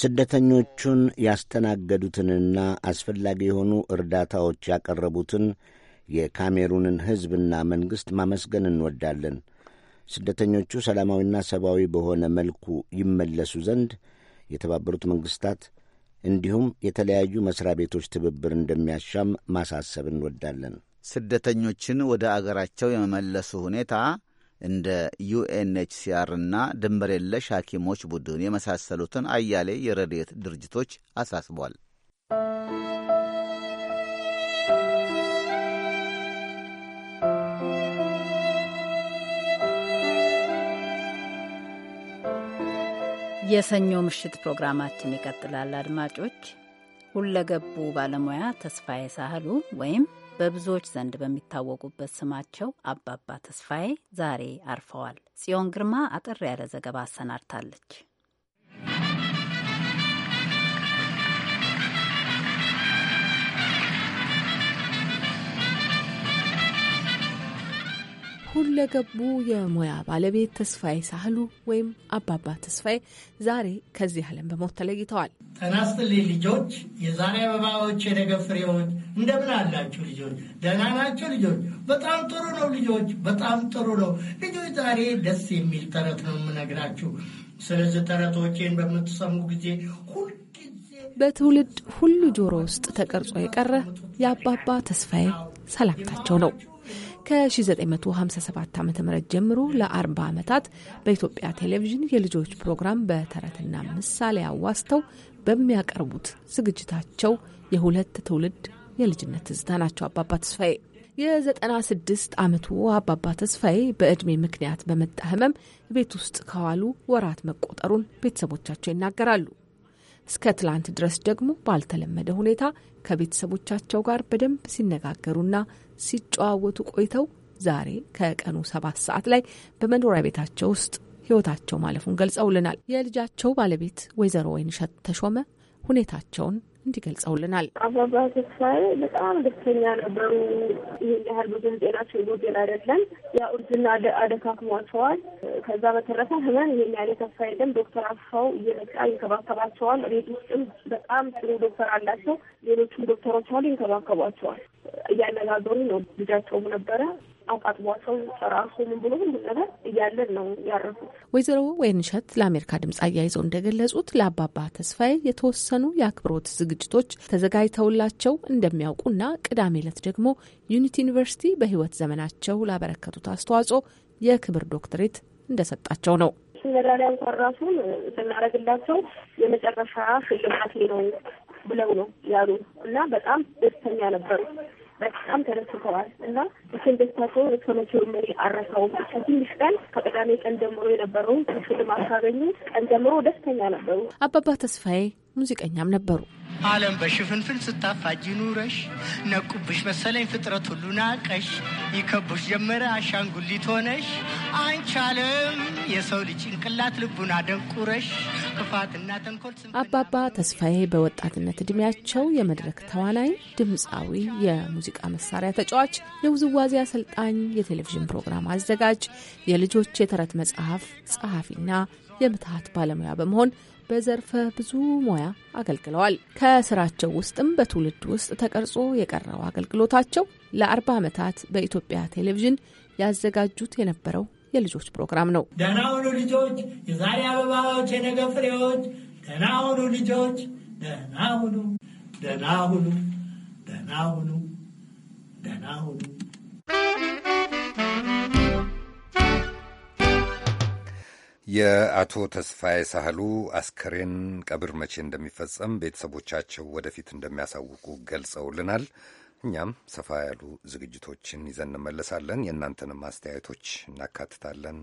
ስደተኞቹን ያስተናገዱትንና አስፈላጊ የሆኑ እርዳታዎች ያቀረቡትን የካሜሩንን ሕዝብና መንግሥት ማመስገን እንወዳለን። ስደተኞቹ ሰላማዊና ሰብአዊ በሆነ መልኩ ይመለሱ ዘንድ የተባበሩት መንግሥታት እንዲሁም የተለያዩ መሥሪያ ቤቶች ትብብር እንደሚያሻም ማሳሰብ እንወዳለን። ስደተኞችን ወደ አገራቸው የመመለሱ ሁኔታ እንደ ዩኤንኤችሲአርና ድንበር የለሽ ሐኪሞች ቡድን የመሳሰሉትን አያሌ የረድኤት ድርጅቶች አሳስቧል። የሰኞ ምሽት ፕሮግራማችን ይቀጥላል። አድማጮች፣ ሁለገቡ ባለሙያ ተስፋዬ ሳህሉ ወይም በብዙዎች ዘንድ በሚታወቁበት ስማቸው አባባ ተስፋዬ ዛሬ አርፈዋል። ጽዮን ግርማ አጠር ያለ ዘገባ አሰናድታለች። ሁለገቡ የሙያ ባለቤት ተስፋዬ ሳህሉ ወይም አባባ ተስፋዬ ዛሬ ከዚህ ዓለም በሞት ተለይተዋል። ጤና ልጆች፣ የዛሬ አበባዎች፣ የነገ ፍሬዎች፣ እንደምን አላችሁ ልጆች? ደህና ናቸው ልጆች? በጣም ጥሩ ነው ልጆች፣ በጣም ጥሩ ነው ልጆች። ዛሬ ደስ የሚል ተረት ነው የምነግራችሁ። ስለዚህ ተረቶቼን በምትሰሙ ጊዜ በትውልድ ሁሉ ጆሮ ውስጥ ተቀርጾ የቀረ የአባባ ተስፋዬ ሰላምታቸው ነው። ከ1957 ዓ ም ጀምሮ ለ40 ዓመታት በኢትዮጵያ ቴሌቪዥን የልጆች ፕሮግራም በተረትና ምሳሌ አዋስተው በሚያቀርቡት ዝግጅታቸው የሁለት ትውልድ የልጅነት ትዝታ ናቸው አባባ ተስፋዬ። የ96 ዓመቱ አባባ ተስፋዬ በዕድሜ ምክንያት በመጣ ህመም ቤት ውስጥ ከዋሉ ወራት መቆጠሩን ቤተሰቦቻቸው ይናገራሉ። እስከ ትላንት ድረስ ደግሞ ባልተለመደ ሁኔታ ከቤተሰቦቻቸው ጋር በደንብ ሲነጋገሩና ሲጨዋወቱ ቆይተው ዛሬ ከቀኑ ሰባት ሰዓት ላይ በመኖሪያ ቤታቸው ውስጥ ህይወታቸው ማለፉን ገልጸውልናል። የልጃቸው ባለቤት ወይዘሮ ወይንሸት ተሾመ ሁኔታቸውን እንዲህ ገልጸውልናል። አባባ ተስፋዬ በጣም ደስተኛ ነበሩ። ይህን ያህል ብዙም ጤናቸው ጎደል አይደለም። ያ እርጅና አደካክሟቸዋል። ከዛ በተረፈ ህመም ይህን ያህል የከፋ የለም። ዶክተር አስፋው እየመጣ ይንከባከባቸዋል። ቤት ውስጥም በጣም ጥሩ ዶክተር አላቸው። ሌሎቹም ዶክተሮች አሉ፣ ይንከባከቧቸዋል። እያነጋገሩ ነው። ልጃቸውም ነበረ አንቃጥቧል። ሰው ራሱ ምን ብሎ ሁሉ ነገር እያለን ነው ያረፉት። ወይዘሮ ወይንሸት ለአሜሪካ ድምጽ አያይዘው እንደገለጹት ለአባባ ተስፋዬ የተወሰኑ የአክብሮት ዝግጅቶች ተዘጋጅተውላቸው እንደሚያውቁና ቅዳሜ ዕለት ደግሞ ዩኒቲ ዩኒቨርሲቲ በህይወት ዘመናቸው ላበረከቱት አስተዋጽኦ የክብር ዶክትሬት እንደሰጣቸው ነው። ሜዳሊያ እንኳን ራሱን ስናደርግላቸው የመጨረሻ ሽልማቴ ነው ብለው ነው ያሉ እና በጣም ደስተኛ ነበሩ። በጣም ተደስተዋል እና ይህን ደስታቸው እስከመቼውም መሪ አረሳውም። ብቻ ትንሽ ቀን ከቅዳሜ ቀን ጀምሮ የነበረው ሽልማት ካገኙ ቀን ጀምሮ ደስተኛ ነበሩ። አባባ ተስፋዬ ሙዚቀኛም ነበሩ። ዓለም በሽፍንፍን ስታፋጅ ኑረሽ ነቁብሽ መሰለኝ ፍጥረት ሁሉ ናቀሽ ይከቡሽ ጀመረ አሻንጉሊት ሆነሽ አንቺ ዓለም የሰው ልጅ ጭንቅላት ልቡና ደንቁረሽ ክፋትና ተንኮል። አባባ ተስፋዬ በወጣትነት እድሜያቸው የመድረክ ተዋናይ፣ ድምፃዊ፣ የሙዚቃ መሳሪያ ተጫዋች፣ የውዝዋዜ አሰልጣኝ፣ የቴሌቪዥን ፕሮግራም አዘጋጅ፣ የልጆች የተረት መጽሐፍ ጸሐፊና የምትሃት ባለሙያ በመሆን በዘርፈ ብዙ ሙያ አገልግለዋል። ከስራቸው ውስጥም በትውልድ ውስጥ ተቀርጾ የቀረው አገልግሎታቸው ለአርባ ዓመታት በኢትዮጵያ ቴሌቪዥን ያዘጋጁት የነበረው የልጆች ፕሮግራም ነው። ደህና ሁኑ ልጆች፣ የዛሬ አበባዎች፣ የነገ ፍሬዎች። ደህና ሁኑ ልጆች፣ ደህና ሁኑ፣ ደህና ሁኑ፣ ደህና ሁኑ፣ ደህና ሁኑ። የአቶ ተስፋዬ ሳህሉ አስከሬን ቀብር መቼ እንደሚፈጸም ቤተሰቦቻቸው ወደፊት እንደሚያሳውቁ ገልጸውልናል። እኛም ሰፋ ያሉ ዝግጅቶችን ይዘን እንመለሳለን። የእናንተንም አስተያየቶች እናካትታለን።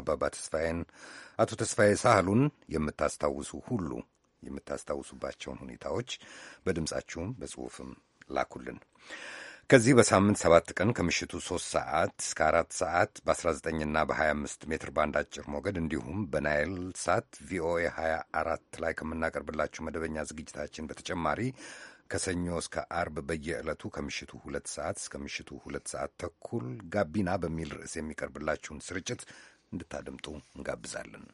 አባባ ተስፋዬን፣ አቶ ተስፋዬ ሳህሉን የምታስታውሱ ሁሉ የምታስታውሱባቸውን ሁኔታዎች በድምፃችሁም በጽሁፍም ላኩልን። ከዚህ በሳምንት ሰባት ቀን ከምሽቱ ሶስት ሰዓት እስከ 4 ሰዓት በ19ና በ25 ሜትር ባንድ አጭር ሞገድ እንዲሁም በናይል ሳት ቪኦኤ 24 ላይ ከምናቀርብላችሁ መደበኛ ዝግጅታችን በተጨማሪ ከሰኞ እስከ አርብ በየዕለቱ ከምሽቱ ሁለት ሰዓት እስከ ምሽቱ ሁለት ሰዓት ተኩል ጋቢና በሚል ርዕስ የሚቀርብላችሁን ስርጭት እንድታደምጡ እንጋብዛለን።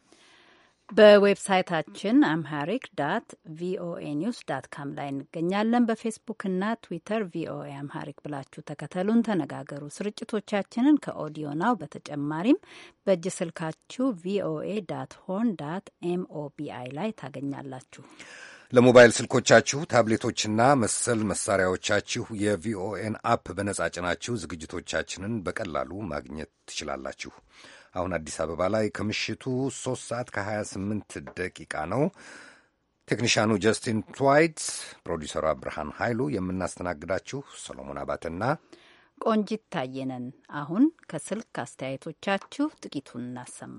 በዌብሳይታችን አምሃሪክ ዳት ቪኦኤ ኒውስ ዳት ካም ላይ እንገኛለን። በፌስቡክና ትዊተር ቪኦኤ አምሃሪክ ብላችሁ ተከተሉን፣ ተነጋገሩ። ስርጭቶቻችንን ከኦዲዮ ናው በተጨማሪም በእጅ ስልካችሁ ቪኦኤ ዳት ሆን ዳት ኤምኦቢአይ ላይ ታገኛላችሁ። ለሞባይል ስልኮቻችሁ ታብሌቶችና መሰል መሳሪያዎቻችሁ የቪኦኤን አፕ በነጻ ጭናችሁ ዝግጅቶቻችንን በቀላሉ ማግኘት ትችላላችሁ። አሁን አዲስ አበባ ላይ ከምሽቱ 3 ሰዓት ከ28 ደቂቃ ነው። ቴክኒሽያኑ ጀስቲን ትዋይት፣ ፕሮዲሰሯ ብርሃን ኃይሉ፣ የምናስተናግዳችሁ ሰሎሞን አባትና ቆንጂት ታየነን። አሁን ከስልክ አስተያየቶቻችሁ ጥቂቱን እናሰማ።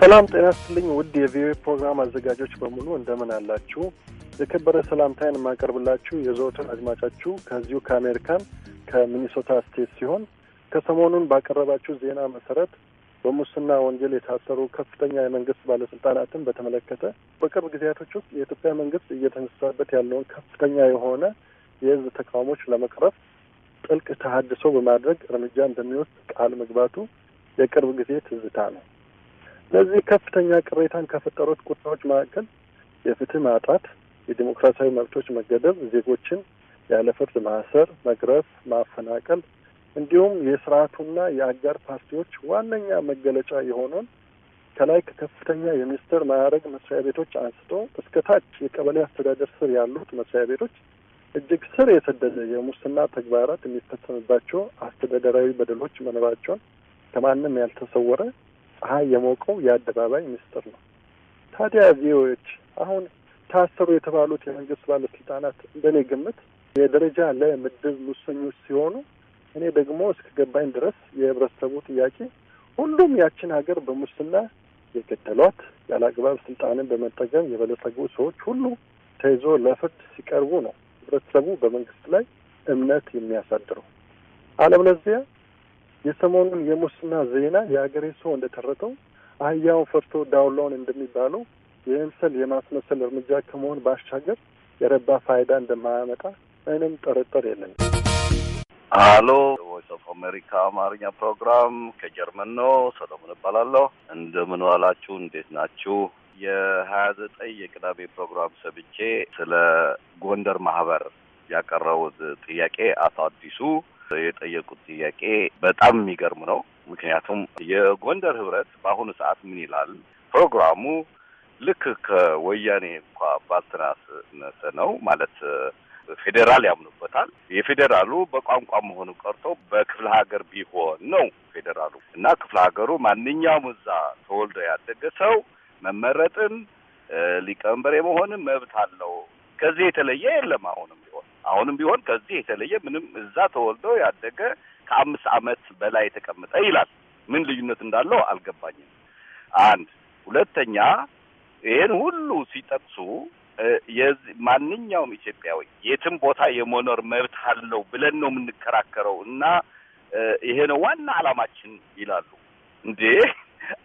ሰላም ጤና ስትልኝ ውድ የቪኦኤ ፕሮግራም አዘጋጆች በሙሉ እንደምን አላችሁ? የከበረ ሰላምታዬን የማቀርብላችሁ የዘወትር አድማጫችሁ ከዚሁ ከአሜሪካን ከሚኒሶታ ስቴት ሲሆን ከሰሞኑን ባቀረባችሁ ዜና መሰረት በሙስና ወንጀል የታሰሩ ከፍተኛ የመንግስት ባለስልጣናትን በተመለከተ በቅርብ ጊዜያቶች ውስጥ የኢትዮጵያ መንግስት እየተነሳበት ያለውን ከፍተኛ የሆነ የህዝብ ተቃውሞች ለመቅረፍ ጥልቅ ተሀድሶ በማድረግ እርምጃ እንደሚወስድ ቃል መግባቱ የቅርብ ጊዜ ትዝታ ነው። ለዚህ ከፍተኛ ቅሬታን ከፈጠሩት ቁጣዎች መካከል የፍትህ ማጣት፣ የዲሞክራሲያዊ መብቶች መገደብ ዜጎችን ያለ ፍርድ ማሰር፣ መግረፍ፣ ማፈናቀል እንዲሁም የስርዓቱና የአጋር ፓርቲዎች ዋነኛ መገለጫ የሆነውን ከላይ ከከፍተኛ የሚኒስትር ማዕረግ መስሪያ ቤቶች አንስቶ እስከ ታች የቀበሌ አስተዳደር ስር ያሉት መስሪያ ቤቶች እጅግ ስር የሰደደ የሙስና ተግባራት የሚፈጸምባቸው አስተዳደራዊ በደሎች መኖራቸውን ከማንም ያልተሰወረ ፀሐይ የሞቀው የአደባባይ ምስጢር ነው። ታዲያ ቪኦኤዎች አሁን ታሰሩ የተባሉት የመንግስት ባለስልጣናት እንደኔ ግምት የደረጃ ለምድብ ሙሰኞች ሲሆኑ እኔ ደግሞ እስከገባኝ ድረስ የህብረተሰቡ ጥያቄ ሁሉም ያችን ሀገር በሙስና የገደሏት ያለ አግባብ ስልጣንን በመጠቀም የበለጸጉ ሰዎች ሁሉ ተይዞ ለፍርድ ሲቀርቡ ነው ህብረተሰቡ በመንግስት ላይ እምነት የሚያሳድረው። አለበለዚያ የሰሞኑን የሙስና ዜና የሀገሬ ሰው እንደተረተው አህያውን ፈርቶ ዳውላውን እንደሚባለው የህምስል የማስመሰል እርምጃ ከመሆን ባሻገር የረባ ፋይዳ እንደማያመጣ ምንም ጥርጥር የለም። አሎ ቮይስ ኦፍ አሜሪካ አማርኛ ፕሮግራም ከጀርመን ነው። ሰለሞን እባላለሁ። እንደምን ዋላችሁ? እንዴት ናችሁ? የሀያ ዘጠኝ የቅዳሜ ፕሮግራም ሰብቼ ስለ ጎንደር ማህበር ያቀረቡት ጥያቄ አቶ አዲሱ የጠየቁት ጥያቄ በጣም የሚገርም ነው። ምክንያቱም የጎንደር ህብረት በአሁኑ ሰዓት ምን ይላል ፕሮግራሙ ልክ ከወያኔ እንኳ ባልተናነሰ ነው ማለት ፌዴራል ያምኑበታል። የፌዴራሉ በቋንቋ መሆኑ ቀርቶ በክፍለ ሀገር ቢሆን ነው ፌዴራሉ እና ክፍለ ሀገሩ ማንኛውም እዛ ተወልዶ ያደገ ሰው መመረጥም ሊቀመንበር የመሆንም መብት አለው። ከዚህ የተለየ የለም። አሁንም ቢሆን አሁንም ቢሆን ከዚህ የተለየ ምንም እዛ ተወልዶ ያደገ ከአምስት ዓመት በላይ የተቀመጠ ይላል። ምን ልዩነት እንዳለው አልገባኝም። አንድ ሁለተኛ ይህን ሁሉ ሲጠቅሱ ማንኛውም ኢትዮጵያዊ የትም ቦታ የመኖር መብት አለው ብለን ነው የምንከራከረው እና ይሄ ነው ዋና ዓላማችን ይላሉ። እንዴ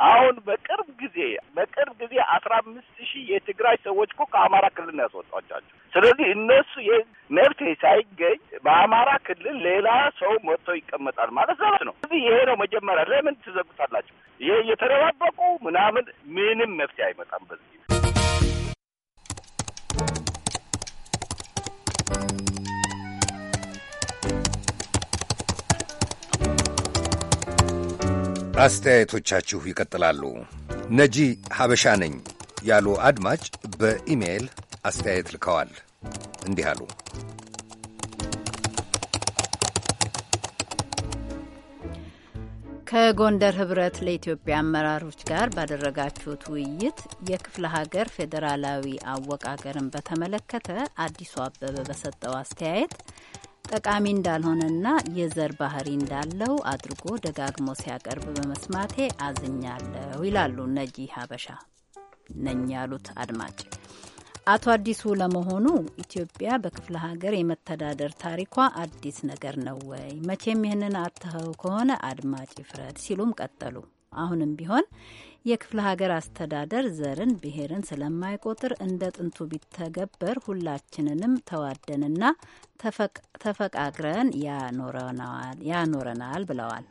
አሁን በቅርብ ጊዜ በቅርብ ጊዜ አስራ አምስት ሺህ የትግራይ ሰዎች እኮ ከአማራ ክልል ነው ያስወጣቻቸው። ስለዚህ እነሱ መብት ሳይገኝ በአማራ ክልል ሌላ ሰው መጥቶ ይቀመጣል ማለት ዘበት ነው። ስለዚህ ይሄ ነው መጀመሪያ ለምን ትዘጉታላቸው? ይሄ እየተደባበቁ ምናምን ምንም መፍትሄ አይመጣም በዚህ አስተያየቶቻችሁ ይቀጥላሉ። ነጂ ሀበሻ ነኝ ያሉ አድማጭ በኢሜይል አስተያየት ልከዋል። እንዲህ አሉ። ከጎንደር ህብረት ለኢትዮጵያ አመራሮች ጋር ባደረጋችሁት ውይይት የክፍለ ሀገር ፌዴራላዊ አወቃቀርን በተመለከተ አዲሱ አበበ በሰጠው አስተያየት ጠቃሚ እንዳልሆነና የዘር ባህሪ እንዳለው አድርጎ ደጋግሞ ሲያቀርብ በመስማቴ አዝኛለሁ ይላሉ ነጂ ሀበሻ ነኝ ያሉት አድማጭ። አቶ አዲሱ ለመሆኑ ኢትዮጵያ በክፍለ ሀገር የመተዳደር ታሪኳ አዲስ ነገር ነው ወይ? መቼም ይህንን አትኸው ከሆነ አድማጭ ይፍረድ ሲሉም ቀጠሉ። አሁንም ቢሆን የክፍለ ሀገር አስተዳደር ዘርን፣ ብሔርን ስለማይቆጥር እንደ ጥንቱ ቢተገበር ሁላችንንም ተዋደንና ተፈቃቅረን ያኖረናል ብለዋል።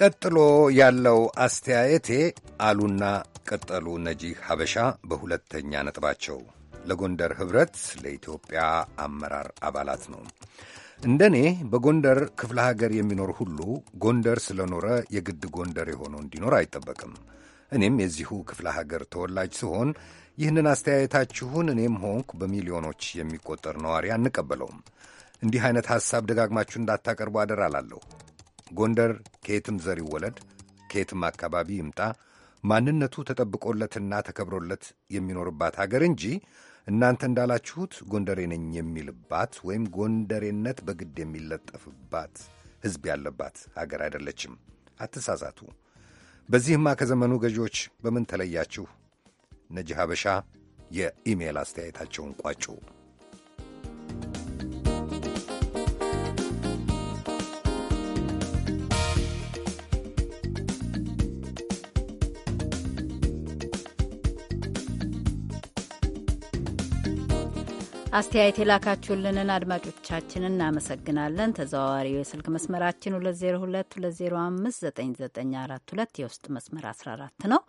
ቀጥሎ ያለው አስተያየቴ አሉና ቀጠሉ ነጂህ ሀበሻ በሁለተኛ ነጥባቸው ለጎንደር ኅብረት ለኢትዮጵያ አመራር አባላት ነው። እንደ እኔ በጎንደር ክፍለ ሀገር የሚኖር ሁሉ ጎንደር ስለኖረ የግድ ጎንደር የሆነው እንዲኖር አይጠበቅም። እኔም የዚሁ ክፍለ ሀገር ተወላጅ ስሆን ይህንን አስተያየታችሁን እኔም ሆንኩ በሚሊዮኖች የሚቆጠር ነዋሪ አንቀበለውም። እንዲህ አይነት ሐሳብ ደጋግማችሁ እንዳታቀርቡ አደራ እላለሁ። ጎንደር ከየትም ዘር ይወለድ ከየትም አካባቢ ይምጣ ማንነቱ ተጠብቆለትና ተከብሮለት የሚኖርባት አገር እንጂ እናንተ እንዳላችሁት ጎንደሬ ነኝ የሚልባት ወይም ጎንደሬነት በግድ የሚለጠፍባት ሕዝብ ያለባት አገር አይደለችም። አትሳሳቱ። በዚህማ ከዘመኑ ገዢዎች በምን ተለያችሁ? ነጂ ሀበሻ የኢሜል አስተያየታቸውን ቋጩ። አስተያየት የላካችሁልንን አድማጮቻችን እናመሰግናለን። ተዘዋዋሪው የስልክ መስመራችን 2022059942 የውስጥ መስመር 14 ነው።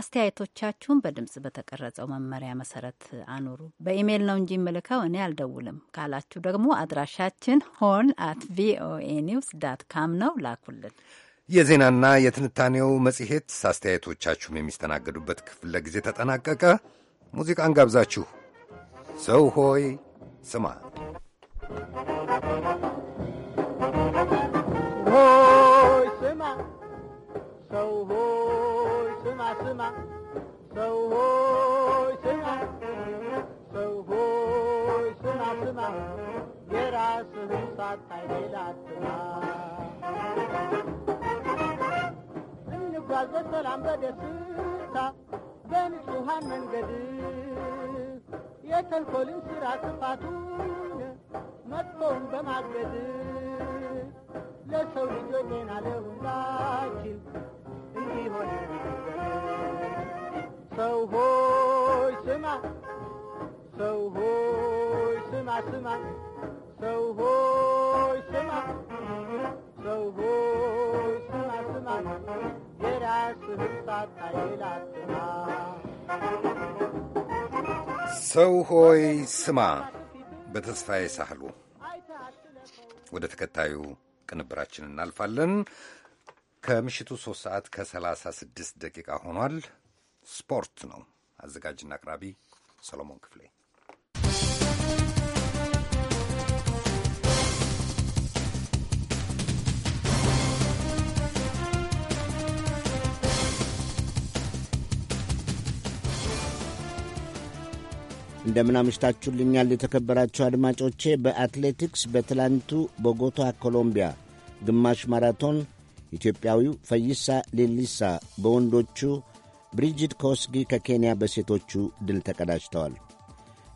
አስተያየቶቻችሁን በድምጽ በተቀረጸው መመሪያ መሰረት አኑሩ። በኢሜይል ነው እንጂ ምልከው እኔ አልደውልም ካላችሁ ደግሞ አድራሻችን ሆን አት ቪኦኤ ኒውስ ዳት ካም ነው፣ ላኩልን። የዜናና የትንታኔው መጽሔት አስተያየቶቻችሁም የሚስተናገዱበት ክፍለ ጊዜ ተጠናቀቀ። ሙዚቃን ጋብዛችሁ 收获什么？收获什么？收获什么？什么？收获什么？收获什么？什么？月亮升上太空了，你可知道？咱们的领袖他和我们在一起。የተንኮልን ሥራ ስፋቱን መጥፎውን በማገድ ለሰው ልጆ ጤና ለሁላችን እንዲሆን ሰው ሆይ ስማ፣ ሰው ሆይ ስማ ስማ፣ ሰው ሆይ ስማ፣ ሰው ሆይ ስማ ስማ የራስህን ሳታይ ላትማ ሰው ሆይ ስማ። በተስፋዬ ሳህሉ ወደ ተከታዩ ቅንብራችን እናልፋለን። ከምሽቱ ሶስት ሰዓት ከሰላሳ ስድስት ደቂቃ ሆኗል። ስፖርት ነው። አዘጋጅና አቅራቢ ሰሎሞን ክፍሌ እንደምን አምሽታችሁልኛል የተከበራችሁ አድማጮቼ። በአትሌቲክስ በትላንቱ ቦጎታ ኮሎምቢያ ግማሽ ማራቶን ኢትዮጵያዊው ፈይሳ ሌሊሳ በወንዶቹ ብሪጅት ኮስጊ ከኬንያ በሴቶቹ ድል ተቀዳጅተዋል።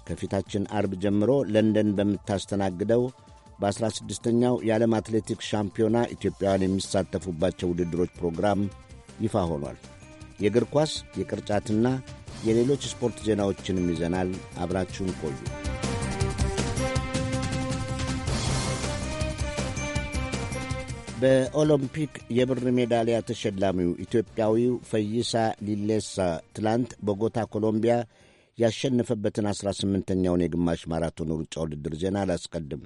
ከፊታችን አርብ ጀምሮ ለንደን በምታስተናግደው በ16ኛው የዓለም አትሌቲክስ ሻምፒዮና ኢትዮጵያውያን የሚሳተፉባቸው ውድድሮች ፕሮግራም ይፋ ሆኗል። የእግር ኳስ የቅርጫትና የሌሎች ስፖርት ዜናዎችንም ይዘናል። አብራችሁን ቆዩ። በኦሎምፒክ የብር ሜዳሊያ ተሸላሚው ኢትዮጵያዊው ፈይሳ ሊሌሳ ትላንት ቦጎታ ኮሎምቢያ ያሸነፈበትን 8 ኛውን የግማሽ ማራቶን ሩጫ ውድድር ዜና አላስቀድም።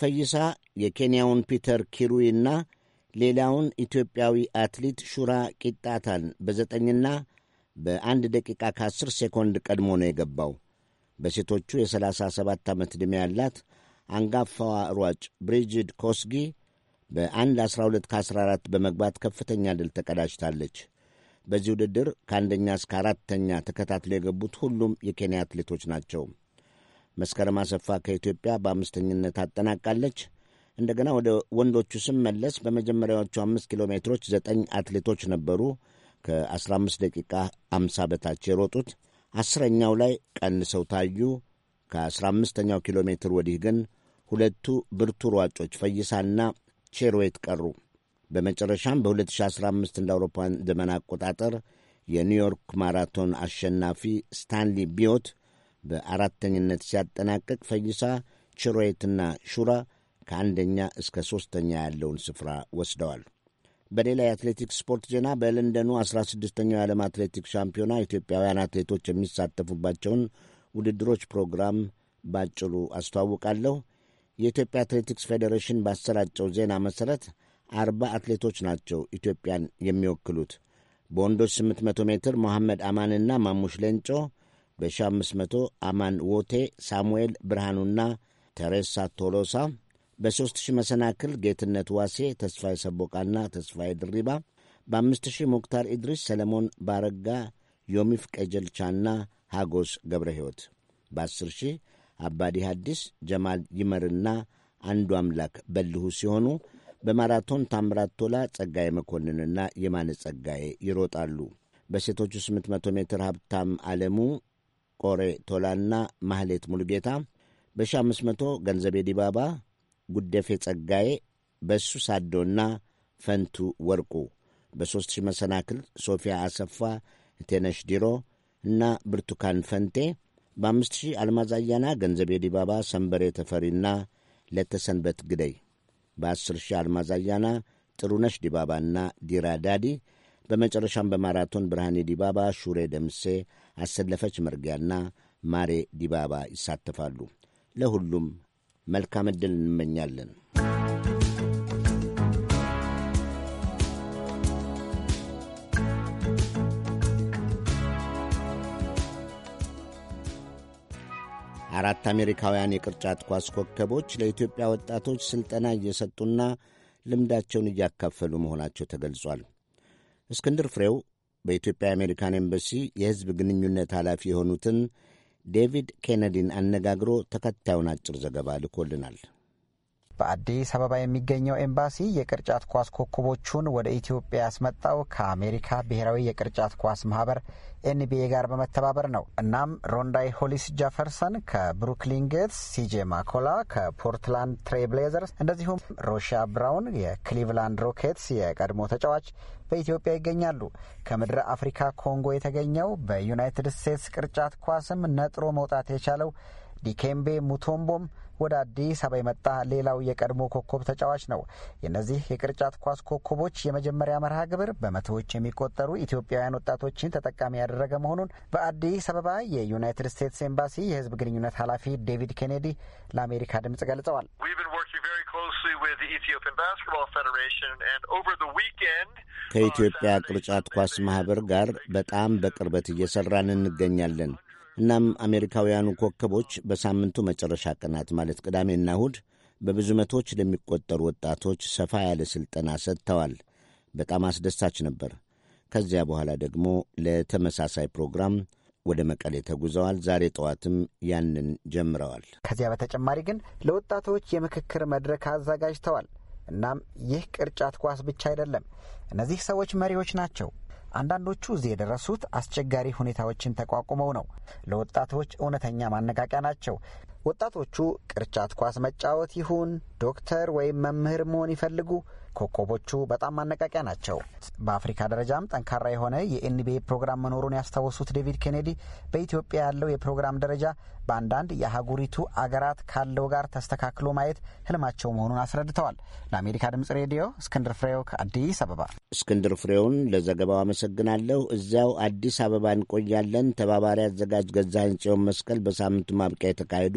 ፈይሳ የኬንያውን ፒተር ኪሩይ እና ሌላውን ኢትዮጵያዊ አትሌት ሹራ ቂጣታን በዘጠኝና በአንድ ደቂቃ ከ10 ሴኮንድ ቀድሞ ነው የገባው። በሴቶቹ የ37 ዓመት ዕድሜ ያላት አንጋፋዋ ሯጭ ብሪጅድ ኮስጊ በአንድ 12 ከ14 በመግባት ከፍተኛ ድል ተቀዳጅታለች። በዚህ ውድድር ከአንደኛ እስከ አራተኛ ተከታትሎ የገቡት ሁሉም የኬንያ አትሌቶች ናቸው። መስከረም አሰፋ ከኢትዮጵያ በአምስተኝነት አጠናቃለች። እንደገና ወደ ወንዶቹ ስመለስ በመጀመሪያዎቹ አምስት ኪሎ ሜትሮች ዘጠኝ አትሌቶች ነበሩ። ከ15 ደቂቃ 50 በታች የሮጡት አስረኛው ላይ ቀንሰው ታዩ። ከ15ኛው ኪሎ ሜትር ወዲህ ግን ሁለቱ ብርቱ ሯጮች ፈይሳና ቼሩዌት ቀሩ። በመጨረሻም በ2015 እንደ አውሮፓውያን ዘመን አቆጣጠር የኒውዮርክ ማራቶን አሸናፊ ስታንሊ ቢዮት በአራተኝነት ሲያጠናቅቅ ፈይሳ፣ ችሮየትና ሹራ ከአንደኛ እስከ ሦስተኛ ያለውን ስፍራ ወስደዋል። በሌላ የአትሌቲክስ ስፖርት ዜና በለንደኑ 16ኛው የዓለም አትሌቲክስ ሻምፒዮና ኢትዮጵያውያን አትሌቶች የሚሳተፉባቸውን ውድድሮች ፕሮግራም ባጭሩ አስተዋውቃለሁ። የኢትዮጵያ አትሌቲክስ ፌዴሬሽን ባሰራጨው ዜና መሠረት አርባ አትሌቶች ናቸው ኢትዮጵያን የሚወክሉት። በወንዶች 800 ሜትር መሐመድ አማንና ማሙሽ ሌንጮ፣ በ1500 አማን ዎቴ፣ ሳሙኤል ብርሃኑና ቴሬሳ ቶሎሳ በሦስት ሺህ መሰናክል ጌትነት ዋሴ፣ ተስፋዬ ሰቦቃና ተስፋዬ ድሪባ፣ በአምስት ሺህ ሙክታር ኢድሪስ፣ ሰለሞን ባረጋ፣ ዮሚፍ ቀጀልቻና ሃጎስ ገብረ ሕይወት፣ በአስር ሺህ አባዲ ሐዲስ፣ ጀማል ይመርና አንዱ አምላክ በልሁ ሲሆኑ በማራቶን ታምራት ቶላ፣ ጸጋዬ መኮንንና የማነ ጸጋዬ ይሮጣሉ። በሴቶቹ 800 ሜትር ሀብታም ዓለሙ፣ ቆሬ ቶላና ማህሌት ሙሉጌታ፣ በ1500 ገንዘቤ ዲባባ ጉደፌ ጸጋዬ፣ በሱ ሳዶና ፈንቱ ወርቁ በሦስት ሺህ መሰናክል ሶፊያ አሰፋ፣ ቴነሽ ዲሮ እና ብርቱካን ፈንቴ በአምስት ሺህ አልማዝ አያና፣ ገንዘቤ ዲባባ፣ ሰንበሬ ተፈሪና ለተሰንበት ግደይ በአስር ሺህ አልማዝ አያና፣ ጥሩነሽ ዲባባና ዲራ ዳዲ በመጨረሻም በማራቶን ብርሃኔ ዲባባ፣ ሹሬ ደምሴ፣ አሰለፈች መርጊያና ማሬ ዲባባ ይሳተፋሉ። ለሁሉም መልካም ዕድል እንመኛለን። አራት አሜሪካውያን የቅርጫት ኳስ ኮከቦች ለኢትዮጵያ ወጣቶች ሥልጠና እየሰጡና ልምዳቸውን እያካፈሉ መሆናቸው ተገልጿል። እስክንድር ፍሬው በኢትዮጵያ የአሜሪካን ኤምባሲ የሕዝብ ግንኙነት ኃላፊ የሆኑትን ዴቪድ ኬነዲን አነጋግሮ ተከታዩን አጭር ዘገባ ልኮልናል። በአዲስ አበባ የሚገኘው ኤምባሲ የቅርጫት ኳስ ኮከቦቹን ወደ ኢትዮጵያ ያስመጣው ከአሜሪካ ብሔራዊ የቅርጫት ኳስ ማህበር ኤንቢኤ ጋር በመተባበር ነው። እናም ሮንዳይ ሆሊስ ጃፈርሰን ከብሩክሊን ጌትስ፣ ሲጄ ማኮላ ከፖርትላንድ ትሬብሌዘርስ እንደዚሁም ሮሻ ብራውን የክሊቭላንድ ሮኬትስ የቀድሞ ተጫዋች በኢትዮጵያ ይገኛሉ። ከምድረ አፍሪካ ኮንጎ የተገኘው በዩናይትድ ስቴትስ ቅርጫት ኳስም ነጥሮ መውጣት የቻለው ዲኬምቤ ሙቶምቦም ወደ አዲስ አበባ የመጣ ሌላው የቀድሞ ኮከብ ተጫዋች ነው። የእነዚህ የቅርጫት ኳስ ኮከቦች የመጀመሪያ መርሃ ግብር በመቶዎች የሚቆጠሩ ኢትዮጵያውያን ወጣቶችን ተጠቃሚ ያደረገ መሆኑን በአዲስ አበባ የዩናይትድ ስቴትስ ኤምባሲ የሕዝብ ግንኙነት ኃላፊ ዴቪድ ኬኔዲ ለአሜሪካ ድምጽ ገልጸዋል። ከኢትዮጵያ uh, ቅርጫት ኳስ ማህበር ጋር በጣም በቅርበት እየሰራን እንገኛለን። እናም አሜሪካውያኑ ኮከቦች በሳምንቱ መጨረሻ ቀናት ማለት ቅዳሜና እሁድ በብዙ መቶዎች ለሚቆጠሩ ወጣቶች ሰፋ ያለ ሥልጠና ሰጥተዋል። በጣም አስደሳች ነበር። ከዚያ በኋላ ደግሞ ለተመሳሳይ ፕሮግራም ወደ መቀሌ ተጉዘዋል። ዛሬ ጠዋትም ያንን ጀምረዋል። ከዚያ በተጨማሪ ግን ለወጣቶች የምክክር መድረክ አዘጋጅተዋል። እናም ይህ ቅርጫት ኳስ ብቻ አይደለም። እነዚህ ሰዎች መሪዎች ናቸው። አንዳንዶቹ እዚህ የደረሱት አስቸጋሪ ሁኔታዎችን ተቋቁመው ነው። ለወጣቶች እውነተኛ ማነቃቂያ ናቸው። ወጣቶቹ ቅርጫት ኳስ መጫወት ይሁን ዶክተር ወይም መምህር መሆን ይፈልጉ ኮከቦቹ በጣም ማነቃቂያ ናቸው። በአፍሪካ ደረጃም ጠንካራ የሆነ የኤንቢኤ ፕሮግራም መኖሩን ያስታወሱት ዴቪድ ኬኔዲ በኢትዮጵያ ያለው የፕሮግራም ደረጃ በአንዳንድ የአህጉሪቱ አገራት ካለው ጋር ተስተካክሎ ማየት ህልማቸው መሆኑን አስረድተዋል። ለአሜሪካ ድምጽ ሬዲዮ እስክንድር ፍሬው ከአዲስ አበባ። እስክንድር ፍሬውን ለዘገባው አመሰግናለሁ። እዚያው አዲስ አበባ እንቆያለን። ተባባሪ አዘጋጅ ገዛኸኝ ጽዮን መስቀል በሳምንቱ ማብቂያ የተካሄዱ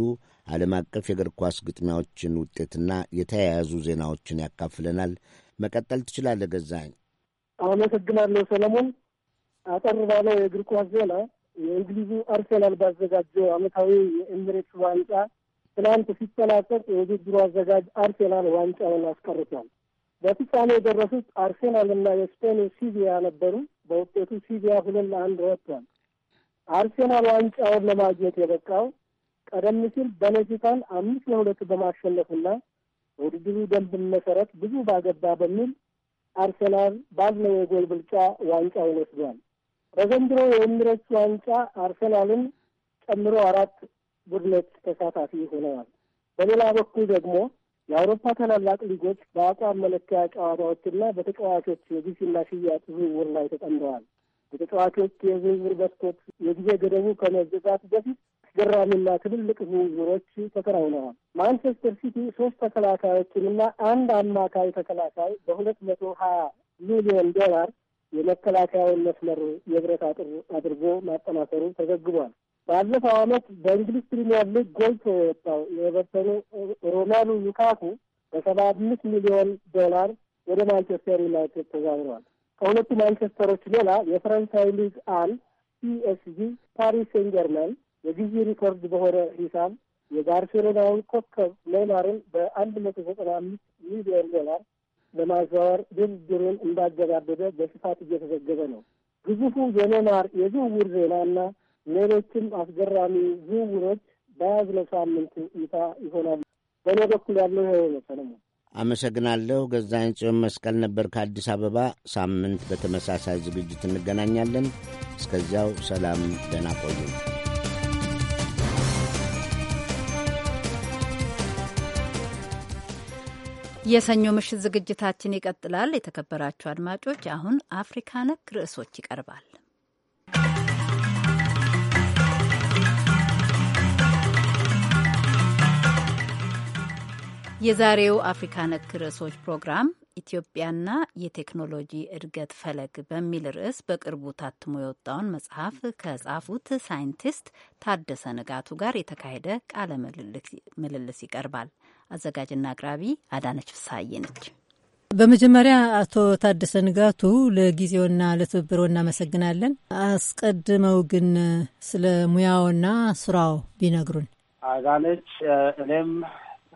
ዓለም አቀፍ የእግር ኳስ ግጥሚያዎችን ውጤትና የተያያዙ ዜናዎችን ያካፍለናል። መቀጠል ትችላለህ ገዛኝ አመሰግናለሁ ሰለሞን። አጠር ባለው የእግር ኳስ ዜና የእንግሊዙ አርሴናል ባዘጋጀው ዓመታዊ የኤሚሬትስ ዋንጫ ትናንት ሲጠናቀቅ የውድድሩ አዘጋጅ አርሴናል ዋንጫውን አስቀርቷል። በፍጻሜ የደረሱት አርሴናልና የስፔኑ ሲቪያ ነበሩ። በውጤቱ ሲቪያ ሁለት ለአንድ ወጥቷል። አርሴናል ዋንጫውን ለማግኘት የበቃው ቀደም ሲል በኔፊካን አምስት ለሁለት በማሸነፍና በውድድሩ ደንብ መሰረት ብዙ ባገባ በሚል አርሰናል ባለው የጎል ብልጫ ዋንጫውን ወስዷል። በዘንድሮ የኤሚሬትስ ዋንጫ አርሰናልን ጨምሮ አራት ቡድኖች ተሳታፊ ሆነዋል። በሌላ በኩል ደግሞ የአውሮፓ ታላላቅ ሊጎች በአቋም መለኪያ ጨዋታዎችና በተጫዋቾች የግዥና ሽያጭ ዝውውር ላይ ተጠምደዋል። የተጫዋቾች የዝውውር በስኮት የጊዜ ገደቡ ከመዘጋቱ በፊት አስገራሚና ትልልቅ ዝውውሮች ተከናውነዋል። ማንቸስተር ሲቲ ሶስት ተከላካዮችንና አንድ አማካይ ተከላካይ በሁለት መቶ ሀያ ሚሊዮን ዶላር የመከላከያውን መስመር የብረት አጥር አድርጎ ማጠናከሩ ተዘግቧል። ባለፈው ዓመት በእንግሊዝ ፕሪሚየር ሊግ ጎልቶ የወጣው የኤቨርተኑ ሮሜሉ ሉካኩ በሰባ አምስት ሚሊዮን ዶላር ወደ ማንቸስተር ዩናይትድ ተዛምሯል። ከሁለቱ ማንቸስተሮች ሌላ የፈረንሳይ ሊግ አን ሲኤስጂ ፓሪስ ሴንጀርመን የጊዜ ሪኮርድ በሆነ ሂሳብ የባርሴሎናውን ኮከብ ኔይማርን በአንድ መቶ ዘጠና አምስት ሚሊዮን ዶላር ለማዘዋወር ድርድሩን እንዳገባደደ በስፋት እየተዘገበ ነው። ግዙፉ የኔይማር የዝውውር ዜናና ሌሎችም አስገራሚ ዝውውሮች በያዝነው ሳምንት ይፋ ይሆናሉ። በእኔ በኩል ያለው ይኸው ነው። ሰለሞን አመሰግናለሁ። ገዛኝ ጽዮን መስቀል ነበር ከአዲስ አበባ። ሳምንት በተመሳሳይ ዝግጅት እንገናኛለን። እስከዚያው ሰላም፣ ደህና ቆዩ። የሰኞ ምሽት ዝግጅታችን ይቀጥላል። የተከበራችሁ አድማጮች፣ አሁን አፍሪካ ነክ ርዕሶች ይቀርባል። የዛሬው አፍሪካ ነክ ርዕሶች ፕሮግራም ኢትዮጵያና የቴክኖሎጂ እድገት ፈለግ በሚል ርዕስ በቅርቡ ታትሞ የወጣውን መጽሐፍ ከጻፉት ሳይንቲስት ታደሰ ንጋቱ ጋር የተካሄደ ቃለ ምልልስ ይቀርባል። አዘጋጅና አቅራቢ አዳነች ፍስሀዬ ነች። በመጀመሪያ አቶ ታደሰ ንጋቱ ለጊዜውና ለትብብሮ እናመሰግናለን። አስቀድመው ግን ስለ ሙያውና ስራው ቢነግሩን። አዳነች፣ እኔም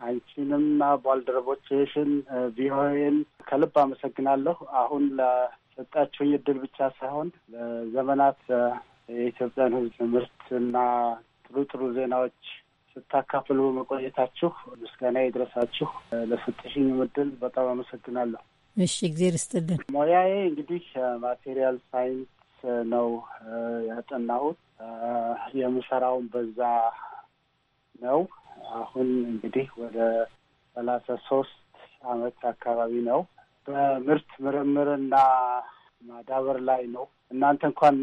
አንቺንም ባልደረቦችሽን ቪኦኤን ከልብ አመሰግናለሁ። አሁን ለሰጣችሁኝ እድል ብቻ ሳይሆን ለዘመናት የኢትዮጵያን ሕዝብ ትምህርትና ጥሩ ጥሩ ዜናዎች ስታካፍሉ መቆየታችሁ ምስጋና ይድረሳችሁ። ለሰጠሽኝ እድል በጣም አመሰግናለሁ። እሺ፣ እግዜር ይስጥልን። ሙያዬ እንግዲህ ማቴሪያል ሳይንስ ነው ያጠናሁት። የምሰራውን በዛ ነው። አሁን እንግዲህ ወደ ሰላሳ ሶስት አመት አካባቢ ነው። በምርት ምርምርና ማዳበር ላይ ነው። እናንተ እንኳን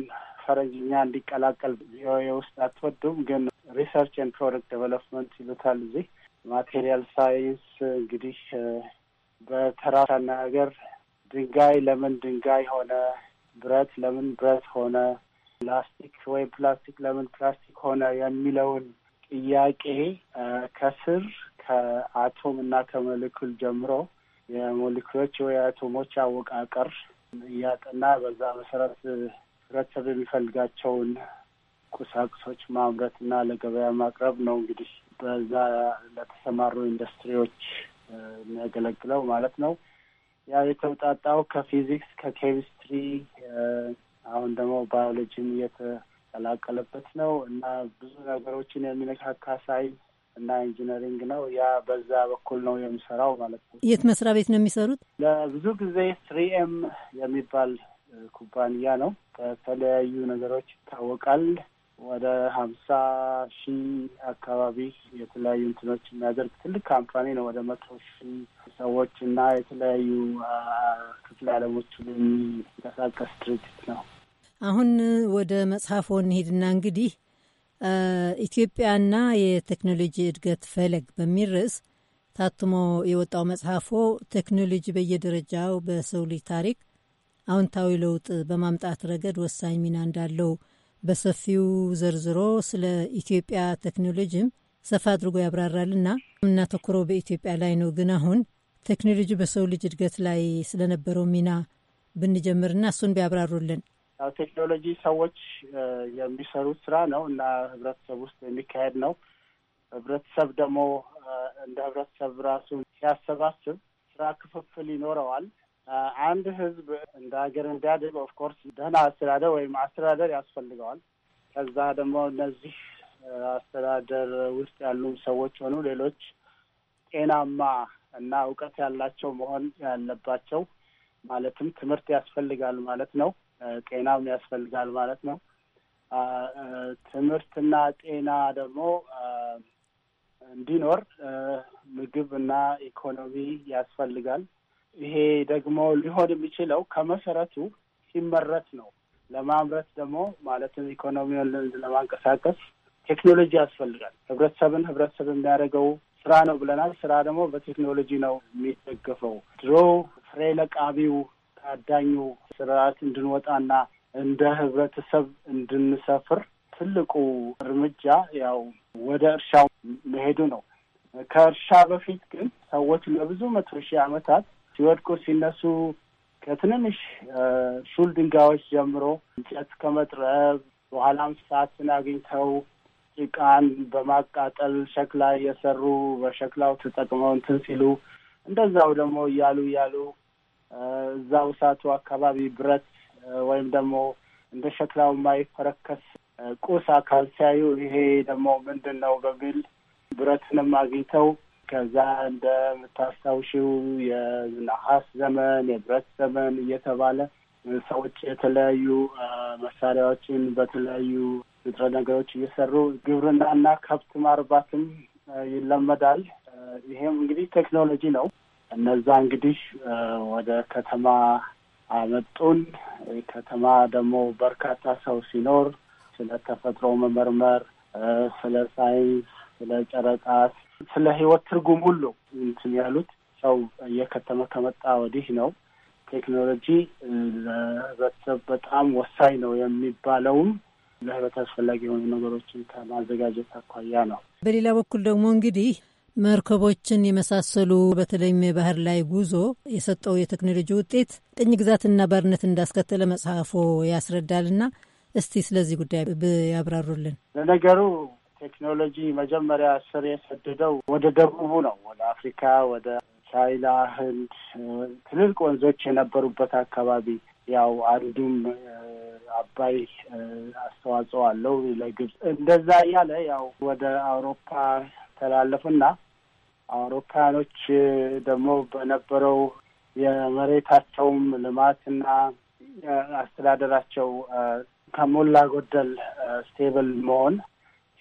ፈረንጅኛ እንዲቀላቀል ቪኦኤ ውስጥ አትወዱም፣ ግን ሪሰርች ኤንድ ፕሮደክት ዴቨሎፕመንት ይሉታል። እዚህ ማቴሪያል ሳይንስ እንግዲህ በተራ ነገር ድንጋይ ለምን ድንጋይ ሆነ፣ ብረት ለምን ብረት ሆነ፣ ፕላስቲክ ወይም ፕላስቲክ ለምን ፕላስቲክ ሆነ የሚለውን ጥያቄ ከስር ከአቶም እና ከሞሌኩል ጀምሮ የሞሌኩሎች ወይ አቶሞች አወቃቀር እያጠና በዛ መሰረት ህብረተሰብ የሚፈልጋቸውን ቁሳቁሶች ማምረት እና ለገበያ ማቅረብ ነው። እንግዲህ በዛ ለተሰማሩ ኢንዱስትሪዎች የሚያገለግለው ማለት ነው። ያ የተውጣጣው ከፊዚክስ ከኬሚስትሪ፣ አሁን ደግሞ ባዮሎጂም እየተቀላቀለበት ነው እና ብዙ ነገሮችን የሚነካካ ሳይንስ እና ኢንጂነሪንግ ነው። ያ በዛ በኩል ነው የሚሰራው ማለት ነው። የት መስሪያ ቤት ነው የሚሰሩት? ለብዙ ጊዜ ኤም የሚባል ኩባንያ ነው። በተለያዩ ነገሮች ይታወቃል። ወደ ሀምሳ ሺህ አካባቢ የተለያዩ እንትኖች የሚያደርግ ትልቅ ካምፓኒ ነው። ወደ መቶ ሺህ ሰዎች እና የተለያዩ ክፍለ ዓለሞች የሚንቀሳቀስ ድርጅት ነው። አሁን ወደ መጽሐፎ እንሄድና እንግዲህ ኢትዮጵያና የቴክኖሎጂ እድገት ፈለግ በሚል ርዕስ ታትሞ የወጣው መጽሐፎ ቴክኖሎጂ በየደረጃው በሰው ልጅ ታሪክ አዎንታዊ ለውጥ በማምጣት ረገድ ወሳኝ ሚና እንዳለው በሰፊው ዘርዝሮ ስለ ኢትዮጵያ ቴክኖሎጂም ሰፋ አድርጎ ያብራራልና የምናተኩረው በኢትዮጵያ ላይ ነው። ግን አሁን ቴክኖሎጂ በሰው ልጅ እድገት ላይ ስለነበረው ሚና ብንጀምርና እሱን ቢያብራሩልን። ቴክኖሎጂ ሰዎች የሚሰሩት ስራ ነው እና ህብረተሰብ ውስጥ የሚካሄድ ነው። ህብረተሰብ ደግሞ እንደ ህብረተሰብ ራሱን ሲያሰባስብ ስራ ክፍፍል ይኖረዋል። አንድ ህዝብ እንደ ሀገር እንዲያድግ ኦፍኮርስ ደህና አስተዳደር ወይም አስተዳደር ያስፈልገዋል። ከዛ ደግሞ እነዚህ አስተዳደር ውስጥ ያሉ ሰዎች ሆኑ ሌሎች ጤናማ እና እውቀት ያላቸው መሆን ያለባቸው ማለትም ትምህርት ያስፈልጋል ማለት ነው። ጤናም ያስፈልጋል ማለት ነው። ትምህርትና ጤና ደግሞ እንዲኖር ምግብ እና ኢኮኖሚ ያስፈልጋል። ይሄ ደግሞ ሊሆን የሚችለው ከመሰረቱ ሲመረት ነው። ለማምረት ደግሞ ማለትም ኢኮኖሚውን ለማንቀሳቀስ ቴክኖሎጂ ያስፈልጋል። ህብረተሰብን ህብረተሰብ የሚያደርገው ስራ ነው ብለናል። ስራ ደግሞ በቴክኖሎጂ ነው የሚደገፈው። ድሮ ፍሬ ለቃቢው ታዳኙ ስርዓት እንድንወጣና እንደ ህብረተሰብ እንድንሰፍር ትልቁ እርምጃ ያው ወደ እርሻው መሄዱ ነው። ከእርሻ በፊት ግን ሰዎች ለብዙ መቶ ሺህ ዓመታት ሲወድቁ ሲነሱ ከትንንሽ ሹል ድንጋዮች ጀምሮ እንጨት ከመጥረብ በኋላም ሰዓትን አግኝተው ጭቃን በማቃጠል ሸክላ እየሰሩ በሸክላው ተጠቅመው እንትን ሲሉ እንደዛው ደግሞ እያሉ እያሉ እዛ ውሳቱ አካባቢ ብረት ወይም ደግሞ እንደ ሸክላው የማይፈረከስ ቁስ አካል ሲያዩ ይሄ ደግሞ ምንድን ነው በሚል ብረትንም አግኝተው ከዛ እንደምታስታውሽው የነሐስ ዘመን የብረት ዘመን እየተባለ ሰዎች የተለያዩ መሳሪያዎችን በተለያዩ ንጥረ ነገሮች እየሰሩ ግብርናና ከብት ማርባትም ይለመዳል። ይሄም እንግዲህ ቴክኖሎጂ ነው። እነዛ እንግዲህ ወደ ከተማ አመጡን። ከተማ ደግሞ በርካታ ሰው ሲኖር ስለ ተፈጥሮ መመርመር፣ ስለ ሳይንስ ስለ ጨረቃ፣ ስለ ህይወት ትርጉም ሁሉ እንትን ያሉት ሰው እየከተመ ከመጣ ወዲህ ነው። ቴክኖሎጂ ለህብረተሰብ በጣም ወሳኝ ነው የሚባለውም ለህብረተሰብ አስፈላጊ የሆኑ ነገሮችን ከማዘጋጀት አኳያ ነው። በሌላ በኩል ደግሞ እንግዲህ መርከቦችን የመሳሰሉ በተለይም የባህር ላይ ጉዞ የሰጠው የቴክኖሎጂ ውጤት ቅኝ ግዛትና ባርነት እንዳስከተለ መጽሐፎ ያስረዳልና እስቲ ስለዚህ ጉዳይ ያብራሩልን። ለነገሩ ቴክኖሎጂ መጀመሪያ ስር የሰደደው ወደ ደቡቡ ነው። ወደ አፍሪካ፣ ወደ ቻይና፣ ህንድ ትልልቅ ወንዞች የነበሩበት አካባቢ ያው አንዱም አባይ አስተዋጽኦ አለው ለግብጽ። እንደዛ እያለ ያው ወደ አውሮፓ ተላለፉና አውሮፓያኖች ደግሞ በነበረው የመሬታቸውም ልማትና አስተዳደራቸው ከሞላ ጎደል ስቴብል መሆን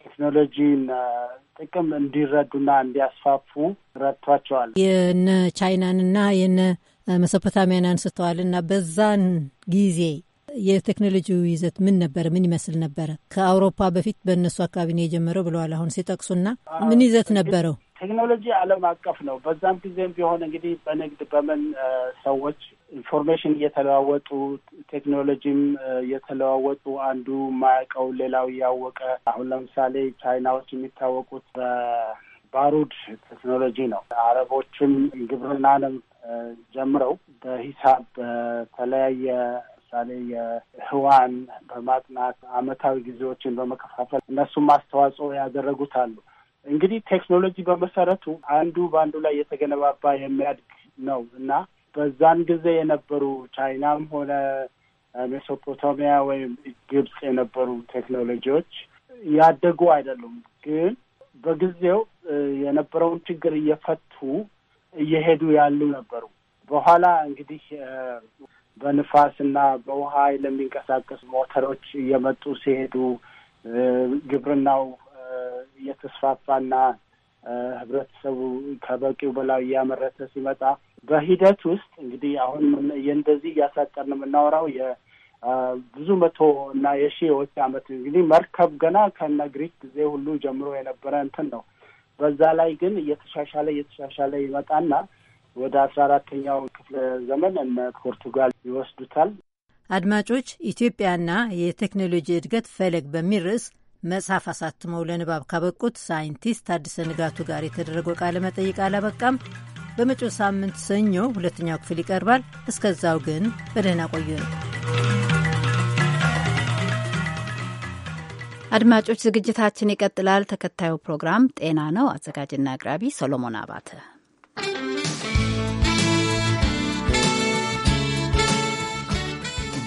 ቴክኖሎጂን ጥቅም እንዲረዱና እንዲያስፋፉ ረድቷቸዋል። የነ ቻይናንና የነ መሶፖታሚያን አንስተዋል እና በዛን ጊዜ የቴክኖሎጂ ይዘት ምን ነበረ? ምን ይመስል ነበረ? ከአውሮፓ በፊት በእነሱ አካባቢ ነው የጀመረው ብለዋል። አሁን ሲጠቅሱና ምን ይዘት ነበረው? ቴክኖሎጂ ዓለም አቀፍ ነው። በዛም ጊዜም ቢሆን እንግዲህ በንግድ በምን ሰዎች ኢንፎርሜሽን እየተለዋወጡ ቴክኖሎጂም እየተለዋወጡ አንዱ ማያውቀው ሌላው እያወቀ አሁን ለምሳሌ ቻይናዎች የሚታወቁት በባሩድ ቴክኖሎጂ ነው። አረቦችም ግብርናንም ጀምረው በሂሳብ በተለያየ ምሳሌ የህዋን በማጥናት አመታዊ ጊዜዎችን በመከፋፈል እነሱም አስተዋጽኦ ያደረጉት አሉ። እንግዲህ ቴክኖሎጂ በመሰረቱ አንዱ በአንዱ ላይ እየተገነባባ የሚያድግ ነው እና በዛን ጊዜ የነበሩ ቻይናም ሆነ ሜሶፖታሚያ ወይም ግብጽ የነበሩ ቴክኖሎጂዎች ያደጉ አይደሉም፣ ግን በጊዜው የነበረውን ችግር እየፈቱ እየሄዱ ያሉ ነበሩ። በኋላ እንግዲህ በንፋስ እና በውሃ ለሚንቀሳቀስ ሞተሮች እየመጡ ሲሄዱ ግብርናው እየተስፋፋና ህብረተሰቡ ከበቂው በላይ እያመረተ ሲመጣ በሂደት ውስጥ እንግዲህ አሁን እንደዚህ እያሳጠርን የምናወራው የብዙ መቶ እና የሺዎች ዓመት እንግዲህ መርከብ ገና ከነ ግሪክ ጊዜ ሁሉ ጀምሮ የነበረ እንትን ነው። በዛ ላይ ግን እየተሻሻለ እየተሻሻለ ይመጣና ወደ አስራ አራተኛው ክፍለ ዘመን እነ ፖርቱጋል ይወስዱታል። አድማጮች፣ ኢትዮጵያና የቴክኖሎጂ እድገት ፈለግ በሚል ርዕስ መጽሐፍ አሳትመው ለንባብ ካበቁት ሳይንቲስት ታደሰ ንጋቱ ጋር የተደረገው ቃለ መጠይቅ አላበቃም። በመጪው ሳምንት ሰኞ ሁለተኛው ክፍል ይቀርባል። እስከዛው ግን በደህና ቆዩ ነው። አድማጮች፣ ዝግጅታችን ይቀጥላል። ተከታዩ ፕሮግራም ጤና ነው። አዘጋጅና አቅራቢ ሰሎሞን አባተ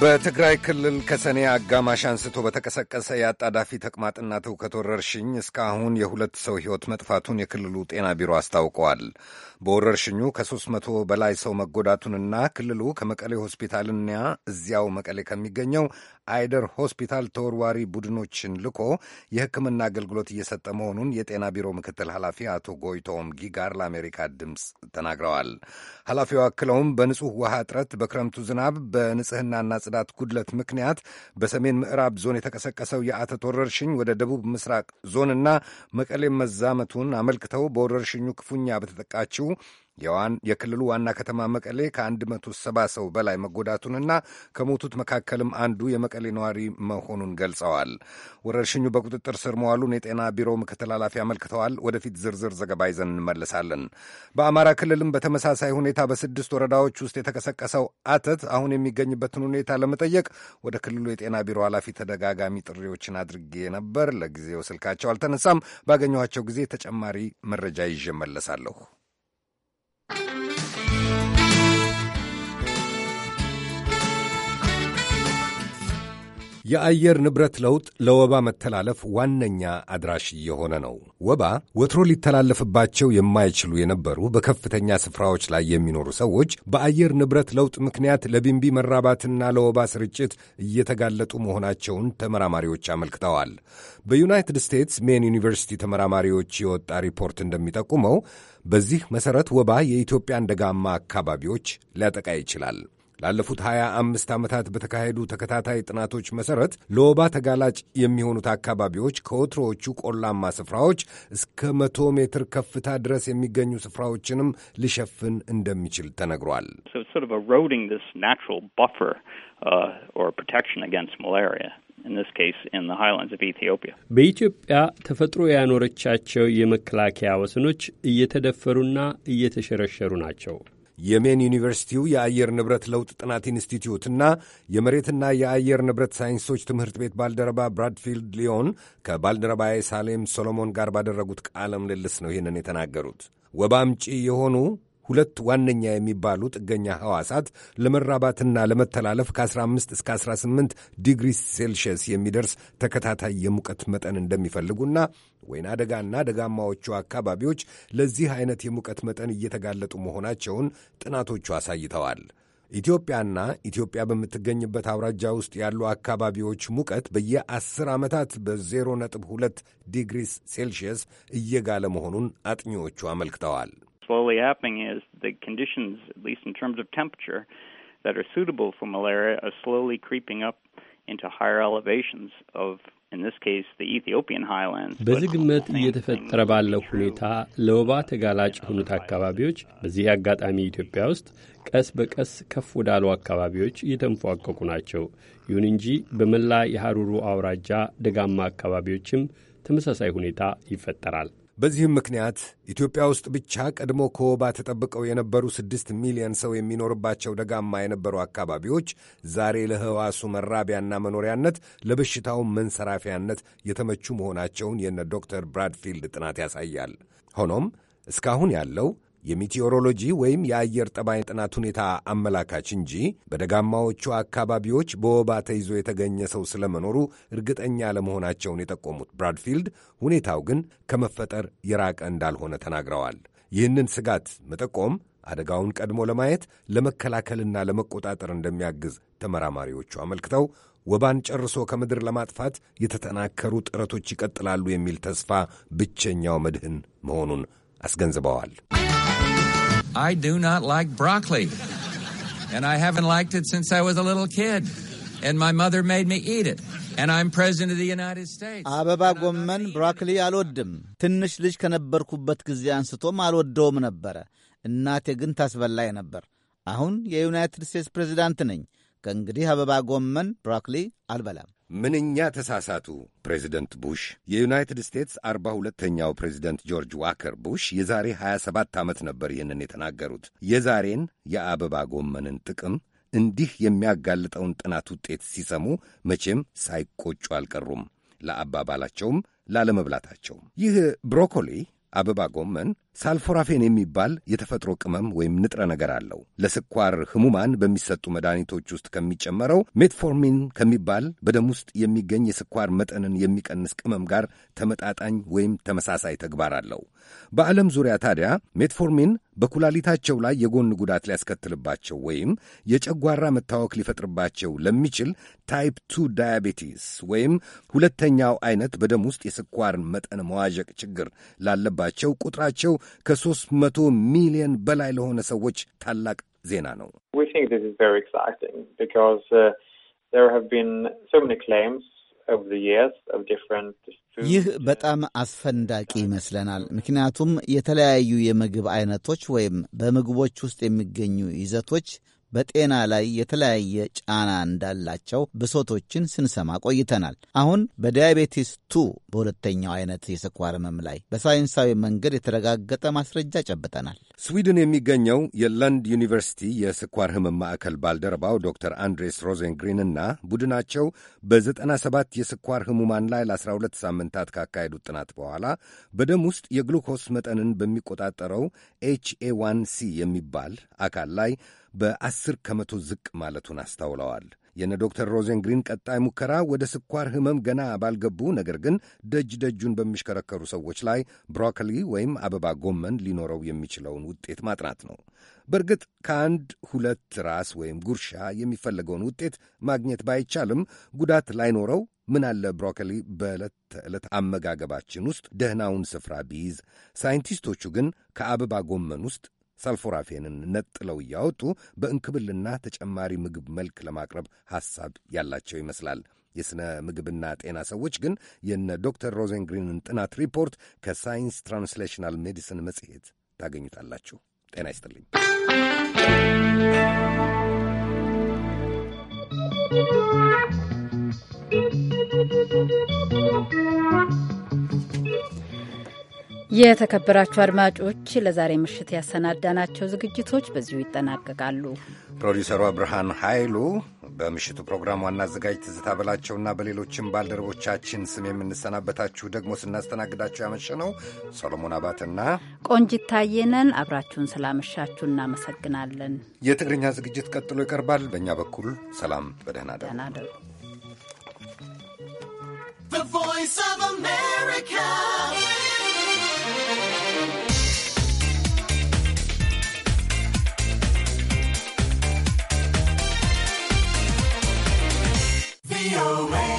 በትግራይ ክልል ከሰኔ አጋማሽ አንስቶ በተቀሰቀሰ የአጣዳፊ ተቅማጥና ትውከት ወረርሽኝ እስካሁን የሁለት ሰው ሕይወት መጥፋቱን የክልሉ ጤና ቢሮ አስታውቀዋል። በወረርሽኙ ከ300 በላይ ሰው መጎዳቱንና ክልሉ ከመቀሌ ሆስፒታልና እዚያው መቀሌ ከሚገኘው አይደር ሆስፒታል ተወርዋሪ ቡድኖችን ልኮ የሕክምና አገልግሎት እየሰጠ መሆኑን የጤና ቢሮ ምክትል ኃላፊ አቶ ጎይቶም ጊጋር ለአሜሪካ ድምፅ ተናግረዋል። ኃላፊው አክለውም በንጹሕ ውሃ እጥረት፣ በክረምቱ ዝናብ፣ በንጽህናና ጽዳት ጉድለት ምክንያት በሰሜን ምዕራብ ዞን የተቀሰቀሰው የአተት ወረርሽኝ ወደ ደቡብ ምስራቅ ዞንና መቀሌ መዛመቱን አመልክተው በወረርሽኙ ክፉኛ በተጠቃችው የክልሉ ዋና ከተማ መቀሌ ከ170 ሰው በላይ መጎዳቱንና ከሞቱት መካከልም አንዱ የመቀሌ ነዋሪ መሆኑን ገልጸዋል። ወረርሽኙ በቁጥጥር ስር መዋሉን የጤና ቢሮ ምክትል ኃላፊ አመልክተዋል። ወደፊት ዝርዝር ዘገባ ይዘን እንመለሳለን። በአማራ ክልልም በተመሳሳይ ሁኔታ በስድስት ወረዳዎች ውስጥ የተቀሰቀሰው አተት አሁን የሚገኝበትን ሁኔታ ለመጠየቅ ወደ ክልሉ የጤና ቢሮ ኃላፊ ተደጋጋሚ ጥሪዎችን አድርጌ ነበር። ለጊዜው ስልካቸው አልተነሳም። ባገኘኋቸው ጊዜ ተጨማሪ መረጃ ይዤ መለሳለሁ። የአየር ንብረት ለውጥ ለወባ መተላለፍ ዋነኛ አድራሽ እየሆነ ነው። ወባ ወትሮ ሊተላለፍባቸው የማይችሉ የነበሩ በከፍተኛ ስፍራዎች ላይ የሚኖሩ ሰዎች በአየር ንብረት ለውጥ ምክንያት ለቢንቢ መራባትና ለወባ ስርጭት እየተጋለጡ መሆናቸውን ተመራማሪዎች አመልክተዋል። በዩናይትድ ስቴትስ ሜን ዩኒቨርሲቲ ተመራማሪዎች የወጣ ሪፖርት እንደሚጠቁመው በዚህ መሠረት ወባ የኢትዮጵያን ደጋማ አካባቢዎች ሊያጠቃ ይችላል። ላለፉት 25 ዓመታት በተካሄዱ ተከታታይ ጥናቶች መሠረት ለወባ ተጋላጭ የሚሆኑት አካባቢዎች ከወትሮዎቹ ቆላማ ስፍራዎች እስከ 100 ሜትር ከፍታ ድረስ የሚገኙ ስፍራዎችንም ሊሸፍን እንደሚችል ተነግሯል። በኢትዮጵያ ተፈጥሮ ያኖረቻቸው የመከላከያ ወሰኖች እየተደፈሩና እየተሸረሸሩ ናቸው። የሜን ዩኒቨርሲቲው የአየር ንብረት ለውጥ ጥናት ኢንስቲትዩትና የመሬትና የአየር ንብረት ሳይንሶች ትምህርት ቤት ባልደረባ ብራድፊልድ ሊዮን ከባልደረባ ሳሌም ሶሎሞን ጋር ባደረጉት ቃለ ምልልስ ነው ይህንን የተናገሩት። ወባ አምጪ የሆኑ ሁለት ዋነኛ የሚባሉ ጥገኛ ሐዋሳት ለመራባትና ለመተላለፍ ከ15 እስከ 18 ዲግሪ ሴልሽየስ የሚደርስ ተከታታይ የሙቀት መጠን እንደሚፈልጉና ወይና ደጋና ደጋማዎቹ አካባቢዎች ለዚህ አይነት የሙቀት መጠን እየተጋለጡ መሆናቸውን ጥናቶቹ አሳይተዋል። ኢትዮጵያና ኢትዮጵያ በምትገኝበት አውራጃ ውስጥ ያሉ አካባቢዎች ሙቀት በየአስር ዓመታት በ 02 ነጥብ 2 ዲግሪስ እየጋለ መሆኑን አጥኚዎቹ አመልክተዋል። slowly happening is the conditions, at least in terms of temperature, that are suitable for malaria are slowly creeping up into higher elevations of in this case the Ethiopian highlands. በዝግመት እየተፈጠረ ባለው ሁኔታ ለወባ ተጋላጭ የሆኑት አካባቢዎች በዚህ አጋጣሚ ኢትዮጵያ ውስጥ ቀስ በቀስ ከፍ ወዳሉ አካባቢዎች እየተንፏቀቁ ናቸው። ይሁን እንጂ በመላ የሐሩሩ አውራጃ ደጋማ አካባቢዎችም ተመሳሳይ ሁኔታ ይፈጠራል። በዚህም ምክንያት ኢትዮጵያ ውስጥ ብቻ ቀድሞ ከወባ ተጠብቀው የነበሩ ስድስት ሚሊዮን ሰው የሚኖርባቸው ደጋማ የነበሩ አካባቢዎች ዛሬ ለሕዋሱ መራቢያና መኖሪያነት ለበሽታው መንሰራፊያነት የተመቹ መሆናቸውን የነ ዶክተር ብራድፊልድ ጥናት ያሳያል። ሆኖም እስካሁን ያለው የሚቴዎሮሎጂ ወይም የአየር ጠባይ ጥናት ሁኔታ አመላካች እንጂ በደጋማዎቹ አካባቢዎች በወባ ተይዞ የተገኘ ሰው ስለመኖሩ እርግጠኛ ለመሆናቸውን የጠቆሙት ብራድፊልድ ሁኔታው ግን ከመፈጠር የራቀ እንዳልሆነ ተናግረዋል። ይህንን ስጋት መጠቆም አደጋውን ቀድሞ ለማየት ለመከላከልና ለመቆጣጠር እንደሚያግዝ ተመራማሪዎቹ አመልክተው ወባን ጨርሶ ከምድር ለማጥፋት የተጠናከሩ ጥረቶች ይቀጥላሉ የሚል ተስፋ ብቸኛው መድህን መሆኑን አስገንዝበዋል። I do not like broccoli. And I haven't liked it since I was a little kid. And my mother made me eat it. And I'm president of the United States. አበባ ጎመን ብሮኮሊ አልወድም። ትንሽ ልጅ ከነበርኩበት ጊዜ አንስቶም አልወደውም ነበረ። እናቴ ግን ታስበላይ ነበር። አሁን የዩናይትድ ስቴትስ ፕሬዚዳንት ነኝ። ከእንግዲህ አበባ ጎመን ብሮኮሊ አልበላም። ምንኛ ተሳሳቱ ፕሬዚደንት ቡሽ። የዩናይትድ ስቴትስ አርባ ሁለተኛው ፕሬዚደንት ጆርጅ ዋከር ቡሽ የዛሬ 27 ዓመት ነበር ይህንን የተናገሩት። የዛሬን የአበባ ጎመንን ጥቅም እንዲህ የሚያጋልጠውን ጥናት ውጤት ሲሰሙ መቼም ሳይቆጩ አልቀሩም። ለአባባላቸውም ላለመብላታቸውም ይህ ብሮኮሊ አበባ ጎመን ሳልፎራፌን የሚባል የተፈጥሮ ቅመም ወይም ንጥረ ነገር አለው። ለስኳር ህሙማን በሚሰጡ መድኃኒቶች ውስጥ ከሚጨመረው ሜትፎርሚን ከሚባል በደም ውስጥ የሚገኝ የስኳር መጠንን የሚቀንስ ቅመም ጋር ተመጣጣኝ ወይም ተመሳሳይ ተግባር አለው። በዓለም ዙሪያ ታዲያ ሜትፎርሚን በኩላሊታቸው ላይ የጎን ጉዳት ሊያስከትልባቸው ወይም የጨጓራ መታወክ ሊፈጥርባቸው ለሚችል ታይፕ ቱ ዳያቤቲስ ወይም ሁለተኛው አይነት በደም ውስጥ የስኳር መጠን መዋዠቅ ችግር ላለባቸው ቁጥራቸው ከ300 ሚሊዮን በላይ ለሆነ ሰዎች ታላቅ ዜና ነው። uh, ይህ በጣም አስፈንዳቂ ይመስለናል። ምክንያቱም የተለያዩ የምግብ አይነቶች ወይም በምግቦች ውስጥ የሚገኙ ይዘቶች በጤና ላይ የተለያየ ጫና እንዳላቸው ብሶቶችን ስንሰማ ቆይተናል። አሁን በዳያቤቲስ ቱ በሁለተኛው አይነት የስኳር ህመም ላይ በሳይንሳዊ መንገድ የተረጋገጠ ማስረጃ ጨብጠናል። ስዊድን የሚገኘው የለንድ ዩኒቨርሲቲ የስኳር ህመም ማዕከል ባልደረባው ዶክተር አንድሬስ ሮዘንግሪን እና ቡድናቸው በ97 የስኳር ህሙማን ላይ ለ12 ሳምንታት ካካሄዱት ጥናት በኋላ በደም ውስጥ የግሉኮስ መጠንን በሚቆጣጠረው ኤችኤ ሲ የሚባል አካል ላይ በአስር ከመቶ ዝቅ ማለቱን አስታውለዋል። የነ ዶክተር ሮዘንግሪን ቀጣይ ሙከራ ወደ ስኳር ህመም ገና ባልገቡ ነገር ግን ደጅ ደጁን በሚሽከረከሩ ሰዎች ላይ ብሮኮሊ ወይም አበባ ጎመን ሊኖረው የሚችለውን ውጤት ማጥናት ነው። በእርግጥ ከአንድ ሁለት ራስ ወይም ጉርሻ የሚፈለገውን ውጤት ማግኘት ባይቻልም ጉዳት ላይኖረው ምን አለ ብሮኮሊ በዕለት ተዕለት አመጋገባችን ውስጥ ደህናውን ስፍራ ቢይዝ። ሳይንቲስቶቹ ግን ከአበባ ጎመን ውስጥ ሰልፎራፌንን ነጥለው እያወጡ በእንክብልና ተጨማሪ ምግብ መልክ ለማቅረብ ሐሳብ ያላቸው ይመስላል። የሥነ ምግብና ጤና ሰዎች ግን የነ ዶክተር ሮዘንግሪንን ጥናት ሪፖርት ከሳይንስ ትራንስሌሽናል ሜዲሲን መጽሔት ታገኙታላችሁ። ጤና ይስጥልኝ። የተከበራችሁ አድማጮች ለዛሬ ምሽት ያሰናዳናቸው ዝግጅቶች በዚሁ ይጠናቀቃሉ። ፕሮዲውሰሯ ብርሃን ኃይሉ፣ በምሽቱ ፕሮግራም ዋና አዘጋጅ ትዝታ በላቸውና በሌሎችም ባልደረቦቻችን ስም የምንሰናበታችሁ ደግሞ ስናስተናግዳችሁ ያመሸ ነው ሰሎሞን አባትና ቆንጂት ታየነን። አብራችሁን ስላመሻችሁ እናመሰግናለን። የትግርኛ ዝግጅት ቀጥሎ ይቀርባል። በእኛ በኩል ሰላም፣ በደህና ደሩ። The voice of America. VOA.